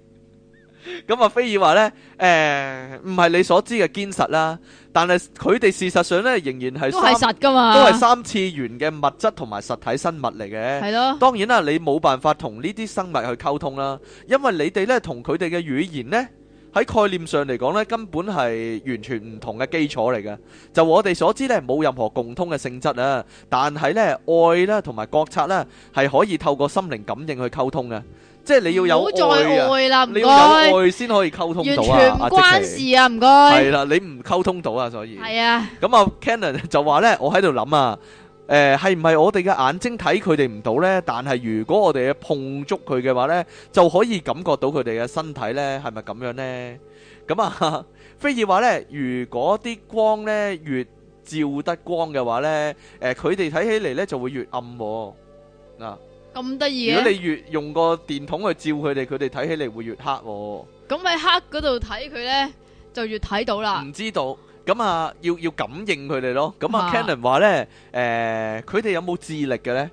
S2: 咁啊，菲爾話咧，誒，唔係你所知嘅堅實啦，但係佢哋事實上咧，仍然係都係實噶嘛，都係三次元嘅物質同埋實體生物嚟嘅。係咯，當然啦，你冇辦法同呢啲生物去溝通啦，因為你哋咧同佢哋嘅語言咧喺概念上嚟講咧，根本係完全唔同嘅基礎嚟嘅。就我哋所知咧，冇任何共通嘅性質啊。但係咧，愛啦同埋覺察啦，係可以透過心靈感應去溝通嘅。即係你要有愛啊！你要有愛先可以溝通到啊！完全唔關事啊！唔該。係啦，你唔溝通到啊，所以。係啊。咁啊，Cannon 就話咧，我喺度諗啊，誒，係唔係我哋嘅眼睛睇佢哋唔到咧？但係如果我哋嘅碰觸佢嘅話咧，就可以感覺到佢哋嘅身體咧係咪咁樣咧？咁啊，菲爾話咧，如果啲光咧越照得光嘅話咧，誒，佢哋睇起嚟咧就會越暗喎嗱。
S1: 咁得意，如果你越
S2: 用個電筒去照佢哋，佢哋睇起嚟會越黑，哦。
S1: 咁喺黑嗰度睇佢呢，就越睇到啦。唔
S2: 知道。咁啊，要要感應佢哋咯。咁啊，啊，Canon 話呢，誒、欸，佢哋有冇智力嘅呢？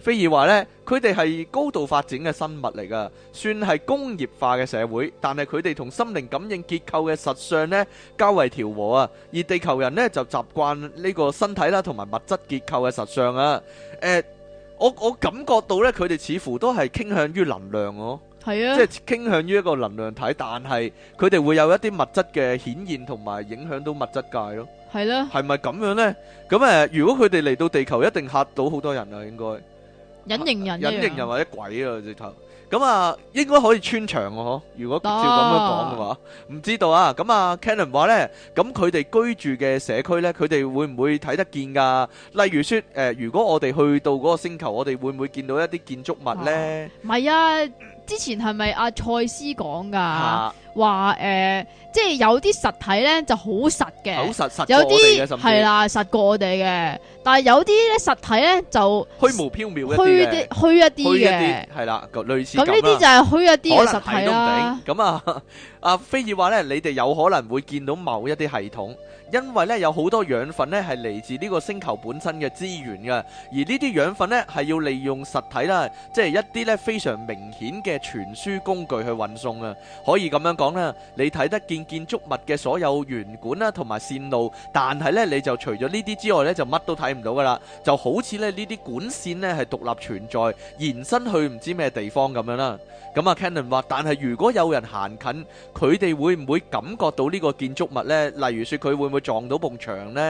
S2: 菲兒話呢，佢哋係高度發展嘅生物嚟噶，算係工業化嘅社會，但係佢哋同心靈感應結構嘅實相呢，較為調和啊。而地球人呢，就習慣呢個身體啦、啊，同埋物質結構嘅實相啊。誒、欸。我我感覺到咧，佢哋似乎都係傾向於能量咯，係啊，即係傾向於一個能量體，但係佢哋會有一啲物質嘅顯現同埋影響到物質界咯。係咧，係咪咁樣呢？咁誒，如果佢哋嚟到地球，一定嚇到好多人呀，應該
S1: 隱形人，隱形人
S2: 或者鬼啊直頭。咁啊、嗯，應該可以穿牆喎，嗬！如果照咁樣講嘅話，唔、啊、知道啊。咁啊，Cannon 話呢，咁佢哋居住嘅社區呢，佢哋會唔會睇得見噶？例如説，誒、呃，如果我哋去到嗰個星球，我哋會唔會見到一啲建築物呢？
S1: 唔係啊，啊，之前係咪阿賽斯講噶？啊話誒、呃，即係有啲實體咧就好實嘅，好實實過我哋嘅，有啲，係啦，實過我哋嘅。但係有啲咧實體咧就虛無縹緲一啲嘅，虛一啲嘅，
S2: 係啦，類似咁。呢啲就係虛一啲嘅實體啦。咁啊，阿、啊啊、菲爾話咧，你哋有可能會見到某一啲系統，因為咧有好多養分咧係嚟自呢個星球本身嘅資源嘅，而養呢啲養分咧係要利用實體啦，即係一啲咧非常明顯嘅傳輸工具去運送啊，可以咁樣。講啦，你睇得見建築物嘅所有圓管啦，同埋線路，但係呢，你就除咗呢啲之外呢就乜都睇唔到噶啦，就好似咧呢啲管線呢，係獨立存在，延伸去唔知咩地方咁樣啦。咁啊 Cannon 話，但係如果有人行近，佢哋會唔會感覺到呢個建築物呢？例如說，佢會唔會撞到埲牆咧？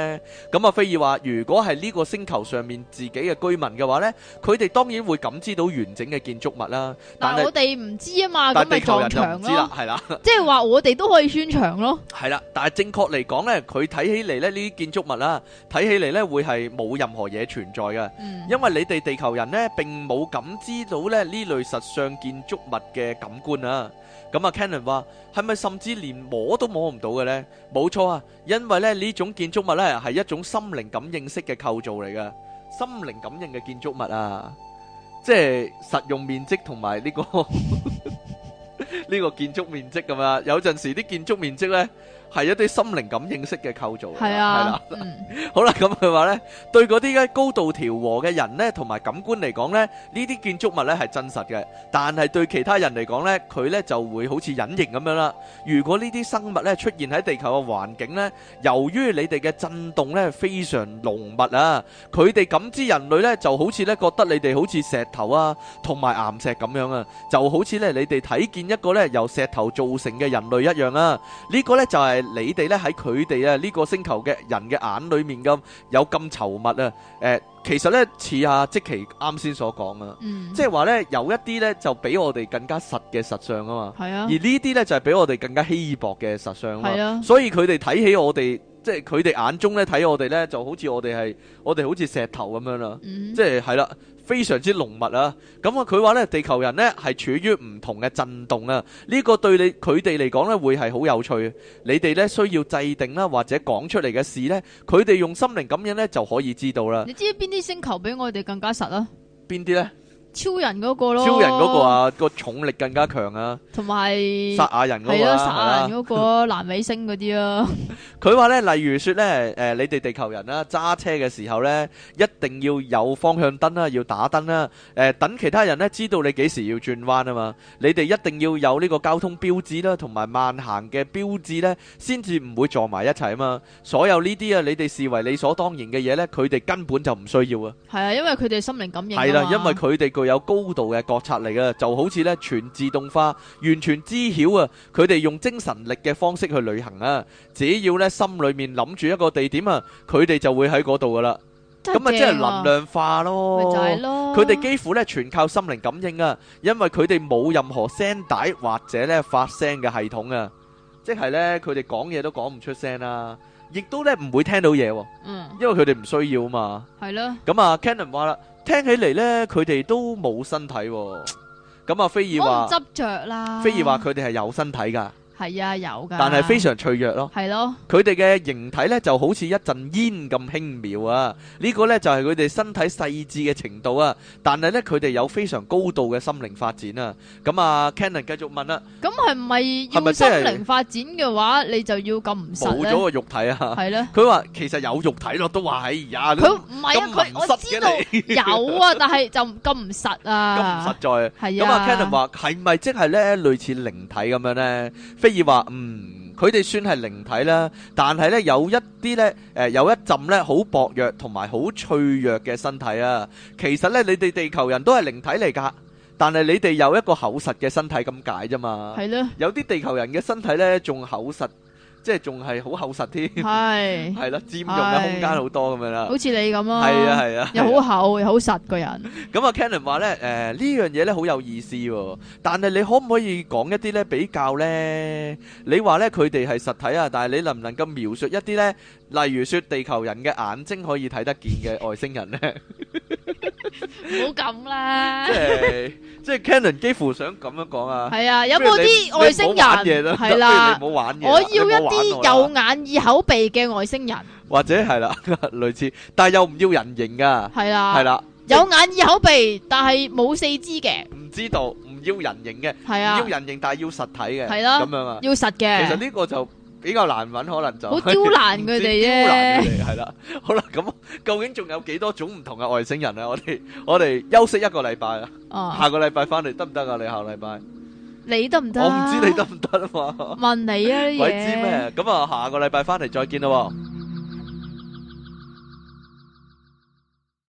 S2: 咁、嗯、啊，菲爾話，如果係呢個星球上面自己嘅居民嘅話呢，佢哋當然會感知到完整嘅建築物啦。但係我哋
S1: 唔知啊嘛，但係地球人就唔知啦，
S2: 係啦。 即
S1: 係話我哋都可以穿牆咯，
S2: 係啦，但係正確嚟講咧，佢睇起嚟咧呢啲建築物啦，睇起嚟咧會係冇任何嘢存在嘅，因為你哋地球人咧並冇感知到咧呢類實相建築物嘅感官啊。咁啊，Cannon 話係咪甚至連摸都摸唔到嘅咧？冇錯啊，因為咧呢種建築物咧係一種心靈感應式嘅構造嚟嘅，心靈感應嘅建築物啊，即係實用面積同埋呢個。呢 個建築面積咁啊，有陣時啲建築面積呢。係一啲心靈感應式嘅構造，係啊，係啦，好啦，咁佢話咧，對嗰啲咧高度調和嘅人咧，同埋感官嚟講咧，呢啲建築物咧係真實嘅，但係對其他人嚟講咧，佢咧就會好似隱形咁樣啦。如果呢啲生物咧出現喺地球嘅環境咧，由於你哋嘅震動咧非常濃密啊，佢哋感知人類咧就好似咧覺得你哋好似石頭啊，同埋岩石咁樣啊，就好似咧你哋睇見一個咧由石頭造成嘅人類一樣啊。呢個咧就係。你哋咧喺佢哋啊呢，呢、這個星球嘅人嘅眼裏面咁有咁稠密啊？誒、呃，其實咧似下即其啱先所講啊，即係話咧有一啲咧就比我哋更加實嘅實相啊嘛，係啊，而呢啲咧就係、是、比我哋更加稀薄嘅實相啊，嘛。所以佢哋睇起我哋。即係佢哋眼中咧睇我哋咧，就好似我哋係我哋好似石頭咁樣啦。嗯、即係係啦，非常之濃密啊。咁啊，佢話咧，地球人咧係處於唔同嘅震動啊。呢、這個對你佢哋嚟講咧會係好有趣。你哋咧需要制定啦，或者講出嚟嘅事咧，佢哋用心靈感應咧就可以知道啦。你
S1: 知邊啲星球比我哋更加實啊？
S2: 邊啲咧？
S1: 超人嗰個咯，超人嗰個啊
S2: 個重力更加強啊，
S1: 同埋撒亞
S2: 人係咯，撒亞人嗰
S1: 個南美星嗰啲咯。
S2: 佢話咧，例如說咧，誒，你哋地球人啦，揸車嘅時候咧，一定要有方向燈啦，要打燈啦，誒，等其他人咧知道你幾時要轉彎啊嘛。你哋一定要有呢個交通標誌啦，同埋慢行嘅標誌咧，先至唔會撞埋一齊啊嘛。所有呢啲啊，你哋視為理所當然嘅嘢咧，佢哋根本就唔需要
S1: 啊。係啊，因為佢哋心靈感應。係啦，因
S2: 為佢哋。有高度嘅覺察嚟㗎，就好似咧全自動化，完全知曉啊，佢哋用精神力嘅方式去旅行啊，只要咧心裏面諗住一個地點啊，佢哋就會喺嗰度噶啦。
S1: 咁啊，即係能
S2: 量化咯，佢哋幾乎咧全靠心靈感應啊，因為佢哋冇任何聲帶或者咧發聲嘅系統啊，即係咧佢哋講嘢都講唔出聲啦，亦都咧唔會聽到嘢。嗯，因為佢哋唔需要啊嘛。係咯。咁啊，Cannon 話啦。聽起嚟呢，佢哋都冇身體，咁啊，菲爾話，
S1: 菲爾話佢
S2: 哋係有身體噶。
S1: 係啊，有㗎， 但係非
S2: 常脆弱咯。係咯，佢哋嘅形體咧就好似一陣煙咁輕妙啊！呢、這個咧就係佢哋身體細緻嘅程度啊。但係咧，佢哋有非常高度嘅心靈發展啊。咁啊，Cannon 繼續問啦。
S1: 咁係咪要心靈發展嘅話，係咪就係、你就要咁唔實咧？冇咗個
S2: 肉體啊！係咧呢。佢話 其實有肉體咯，都話哎呀，佢唔係啊，佢我知道有啊，但
S1: 係就咁唔實啊，咁唔 實
S2: 在。係啊。咁啊，啊，Cannon 話係咪即係咧類似靈體咁樣咧？可以話嗯，佢哋算係靈體啦，但係咧有一啲咧誒，有一陣咧好薄弱同埋好脆弱嘅身體啊。其實咧，你哋地球人都係靈體嚟噶，但係你哋有一個厚實嘅身體咁解啫嘛。係咯，有啲地球人嘅身體咧仲厚實。即係仲係好厚實添 的，係係咯，佔用嘅空間好多咁的樣啦，好似
S1: 你咁咯，係啊係啊，的又好厚又好實個人
S2: 的。咁啊，Cannon 話咧，誒、 嗯、呢、呃、樣嘢咧好有意思喎，但係你可唔可以講一啲咧比較咧？你話咧佢哋係實體啊，但係你能唔能夠描述一啲咧？例如說，地球人嘅眼睛可以睇得見嘅外星人咧，
S1: 唔好咁啦。
S2: 即係即係 Canon 幾乎想咁樣講啊。係啊，有冇啲外星人係啦，不如你唔好玩嘢啦。我要一啲有
S1: 眼耳口鼻嘅外星人，
S2: 或者係啦，類似，但係又唔要人形㗎。係啦，係啦，有眼耳口
S1: 鼻，但係冇四肢嘅。唔
S2: 知道，唔要人形嘅，係啊，要人形但係要實體嘅，係咯，咁樣啊，要實嘅。其實呢個就。比較難揾，可能就好刁難佢哋啫。刁難佢哋。係啦， 好啦，咁究竟仲有幾多種唔同嘅外星人啊？我哋我哋休息一個禮拜啊，oh. 下個禮拜翻嚟得唔得啊？你下個禮拜
S1: 你得唔得？我唔知
S2: 你得唔得啊嘛？問你啊，鬼 知咩？咁啊，下個禮拜翻嚟再見咯。Mm hmm.